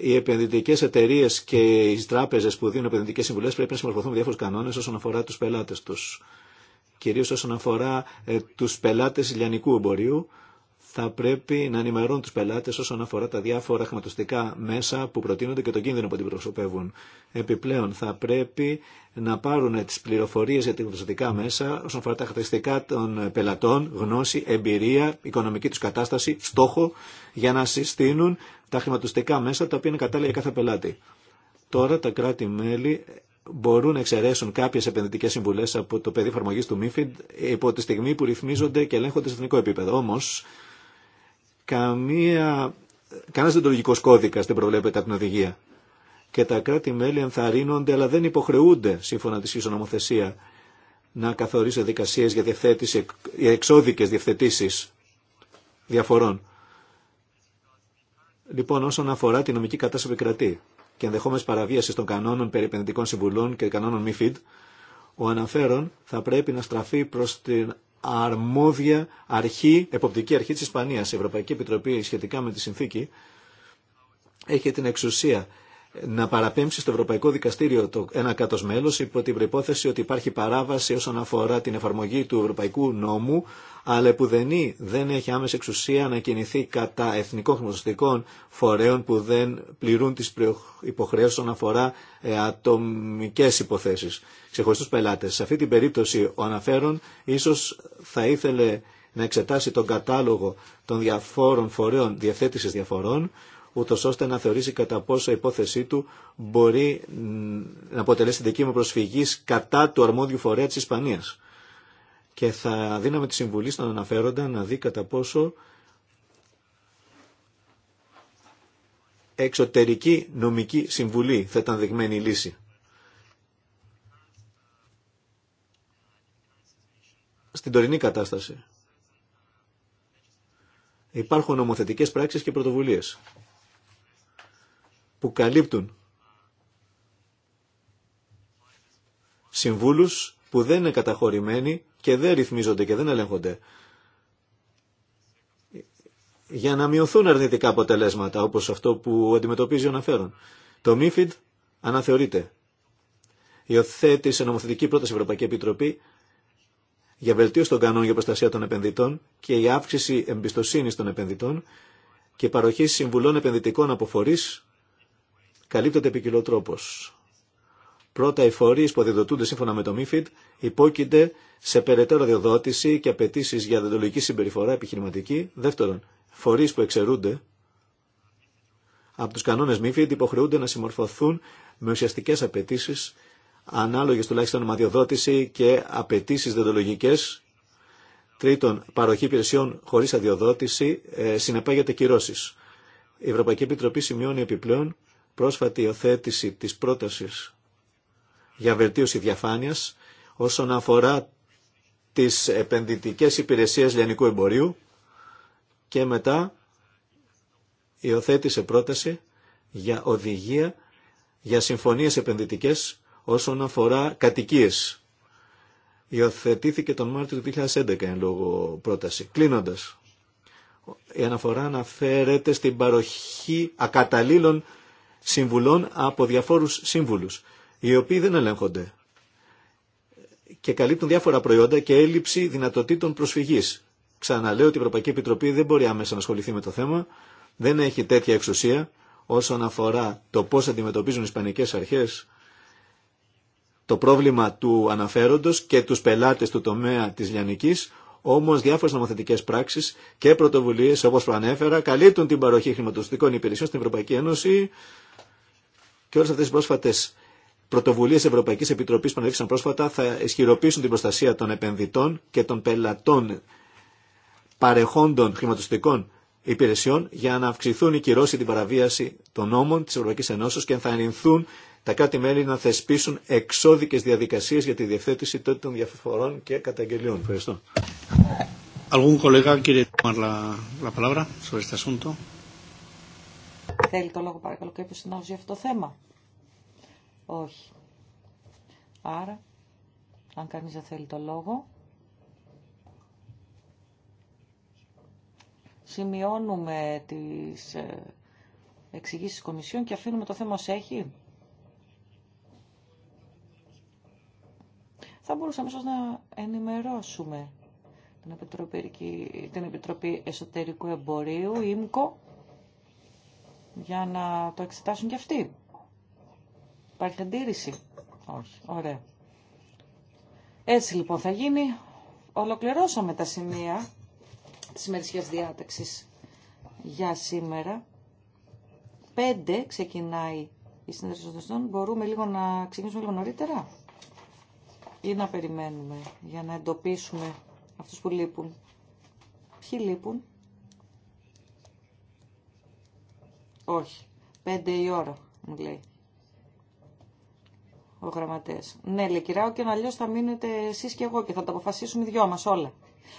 Οι επενδυτικέ εταιρείε και οι τράπεζε που δίνουν επενδυτικέ συμβουλέ πρέπει να συμμορφωθούν με διάφορου κανόνε όσον αφορά του πελάτε του. Κυρίω όσον αφορά ε, του πελάτε λιανικού εμπορίου, θα πρέπει να ενημερώνουν του πελάτε όσον αφορά τα διάφορα χρηματοστικά μέσα που προτείνονται και τον κίνδυνο που αντιπροσωπεύουν. Επιπλέον, θα πρέπει να πάρουν τι πληροφορίε για τα χρηματοστικά μέσα όσον αφορά τα χαρακτηριστικά των πελατών, γνώση, εμπειρία, οικονομική του κατάσταση, στόχο, για να συστήνουν τα χρηματοστικά μέσα τα οποία είναι κατάλληλα για κάθε πελάτη. Τώρα τα κράτη-μέλη μπορούν να εξαιρέσουν κάποιε επενδυτικέ συμβουλέ από το πεδίο εφαρμογή του MIFID υπό τη στιγμή που ρυθμίζονται και ελέγχονται εθνικό επίπεδο. Όμω, καμία, κανένας δεντολογικός κώδικας δεν προβλέπεται από την οδηγία. Και τα κράτη-μέλη ενθαρρύνονται αλλά δεν υποχρεούνται σύμφωνα τη νομοθεσία να καθορίσει δικασίες για, διευθέτηση, για εξώδικες διευθετήσεις διαφορών. Λοιπόν, όσον αφορά την νομική κατάσταση που κρατεί και ενδεχόμενε παραβίαση των κανόνων περί επενδυτικών συμβουλών και κανόνων MIFID, ο αναφέρον θα πρέπει να στραφεί προ την αρμόδια αρχή, εποπτική αρχή της Ισπανίας. Η Ευρωπαϊκή Επιτροπή σχετικά με τη συνθήκη έχει την εξουσία να παραπέμψει στο Ευρωπαϊκό Δικαστήριο το ένα κάτω μέλο υπό την προπόθεση ότι υπάρχει παράβαση όσον αφορά την εφαρμογή του Ευρωπαϊκού νόμου, αλλά που δεν έχει άμεση εξουσία να κινηθεί κατά εθνικών χρηματοστικών φορέων που δεν πληρούν τι υποχρεώσει όσον αφορά ε, ατομικέ υποθέσει, ξεχωριστού πελάτε. Σε αυτή την περίπτωση, ο αναφέρον ίσω θα ήθελε να εξετάσει τον κατάλογο των διαφόρων φορέων διαθέτηση διαφορών, ούτω ώστε να θεωρήσει κατά πόσο η υπόθεσή του μπορεί να αποτελέσει δικαίωμα προσφυγή κατά του αρμόδιου φορέα τη Ισπανία. Και θα δίναμε τη συμβουλή στον αναφέροντα να δει κατά πόσο εξωτερική νομική συμβουλή θα ήταν δεγμένη η λύση. Στην τωρινή κατάσταση υπάρχουν νομοθετικές πράξεις και πρωτοβουλίες που καλύπτουν συμβούλους που δεν είναι καταχωρημένοι και δεν ρυθμίζονται και δεν ελέγχονται για να μειωθούν αρνητικά αποτελέσματα όπως αυτό που αντιμετωπίζει ο αναφέρον. Το MIFID αναθεωρείται. σε νομοθετική πρόταση Ευρωπαϊκή Επιτροπή για βελτίωση των κανόνων για προστασία των επενδυτών και η αύξηση εμπιστοσύνη των επενδυτών και παροχή συμβουλών επενδυτικών αποφορής καλύπτονται τρόπο. Πρώτα, οι φορεί που αδειοδοτούνται σύμφωνα με το MIFID υπόκεινται σε περαιτέρω αδειοδότηση και απαιτήσει για δεντολογική συμπεριφορά επιχειρηματική. Δεύτερον, φορεί που εξαιρούνται από του κανόνε MIFID υποχρεούνται να συμμορφωθούν με ουσιαστικέ απαιτήσει, ανάλογε τουλάχιστον με αδειοδότηση και απαιτήσει δεντολογικέ. Τρίτον, παροχή υπηρεσιών χωρί αδειοδότηση ε, συνεπάγεται κυρώσει. Η Ευρωπαϊκή Επιτροπή σημειώνει επιπλέον πρόσφατη υιοθέτηση της πρότασης για βελτίωση διαφάνειας όσον αφορά τις επενδυτικές υπηρεσίες λιανικού εμπορίου και μετά υιοθέτησε πρόταση για οδηγία για συμφωνίες επενδυτικές όσον αφορά κατοικίες. Υιοθετήθηκε τον Μάρτιο του 2011 εν λόγω πρόταση. Κλείνοντας, η αναφορά αναφέρεται στην παροχή ακαταλήλων συμβουλών από διαφόρους σύμβουλους, οι οποίοι δεν ελέγχονται και καλύπτουν διάφορα προϊόντα και έλλειψη δυνατοτήτων προσφυγής. Ξαναλέω ότι η Ευρωπαϊκή Επιτροπή δεν μπορεί άμεσα να ασχοληθεί με το θέμα, δεν έχει τέτοια εξουσία όσον αφορά το πώς αντιμετωπίζουν οι Ισπανικές αρχές το πρόβλημα του αναφέροντος και τους πελάτες του τομέα της λιανικής, όμως διάφορες νομοθετικές πράξεις και πρωτοβουλίες όπως προανέφερα καλύπτουν την παροχή χρηματοδοτικών υπηρεσιών στην Ευρωπαϊκή Ένωση και όλε αυτέ οι πρόσφατε πρωτοβουλίε Ευρωπαϊκή Επιτροπή που ανέβησαν πρόσφατα θα ισχυροποιήσουν την προστασία των επενδυτών και των πελατών παρεχόντων χρηματοστικών υπηρεσιών για να αυξηθούν οι κυρώσει την παραβίαση των νόμων τη Ευρωπαϊκή Ενώσεω και θα ενηθούν τα κράτη-μέλη να θεσπίσουν εξώδικες διαδικασίες για τη διευθέτηση των διαφορών και καταγγελιών. Ευχαριστώ. Θέλει το λόγο παρακαλώ και συνάδελφο για αυτό το θέμα. Όχι. Άρα, αν κανείς δεν θέλει το λόγο, σημειώνουμε τις ε, εξηγήσεις της Κομισιόν και αφήνουμε το θέμα ως έχει. Θα μπορούσαμε ίσως να ενημερώσουμε την Επιτροπή, την Επιτροπή Εσωτερικού Εμπορίου, ΙΜΚΟ, για να το εξετάσουν κι αυτοί. Υπάρχει αντίρρηση. Όχι. Ωραία. Έτσι λοιπόν θα γίνει. Ολοκληρώσαμε τα σημεία της ημερησίας διάταξης για σήμερα. Πέντε ξεκινάει η συνέντευξη των δοστών. Μπορούμε λίγο να ξεκινήσουμε λίγο νωρίτερα ή να περιμένουμε για να εντοπίσουμε αυτούς που λείπουν. Ποιοι λείπουν. Όχι. Πέντε η ώρα, μου λέει ο γραμματέα. Ναι, λέει κυρία, και αλλιώ θα μείνετε εσεί και εγώ και θα τα αποφασίσουμε οι δυο μα όλα.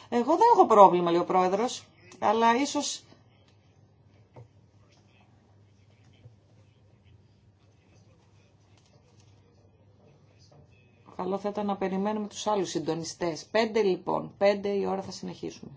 Εγώ δεν έχω πρόβλημα, λέει ο πρόεδρο, αλλά ίσω. Καλό θα ήταν να περιμένουμε τους άλλους συντονιστές. Πέντε λοιπόν, πέντε η ώρα θα συνεχίσουμε.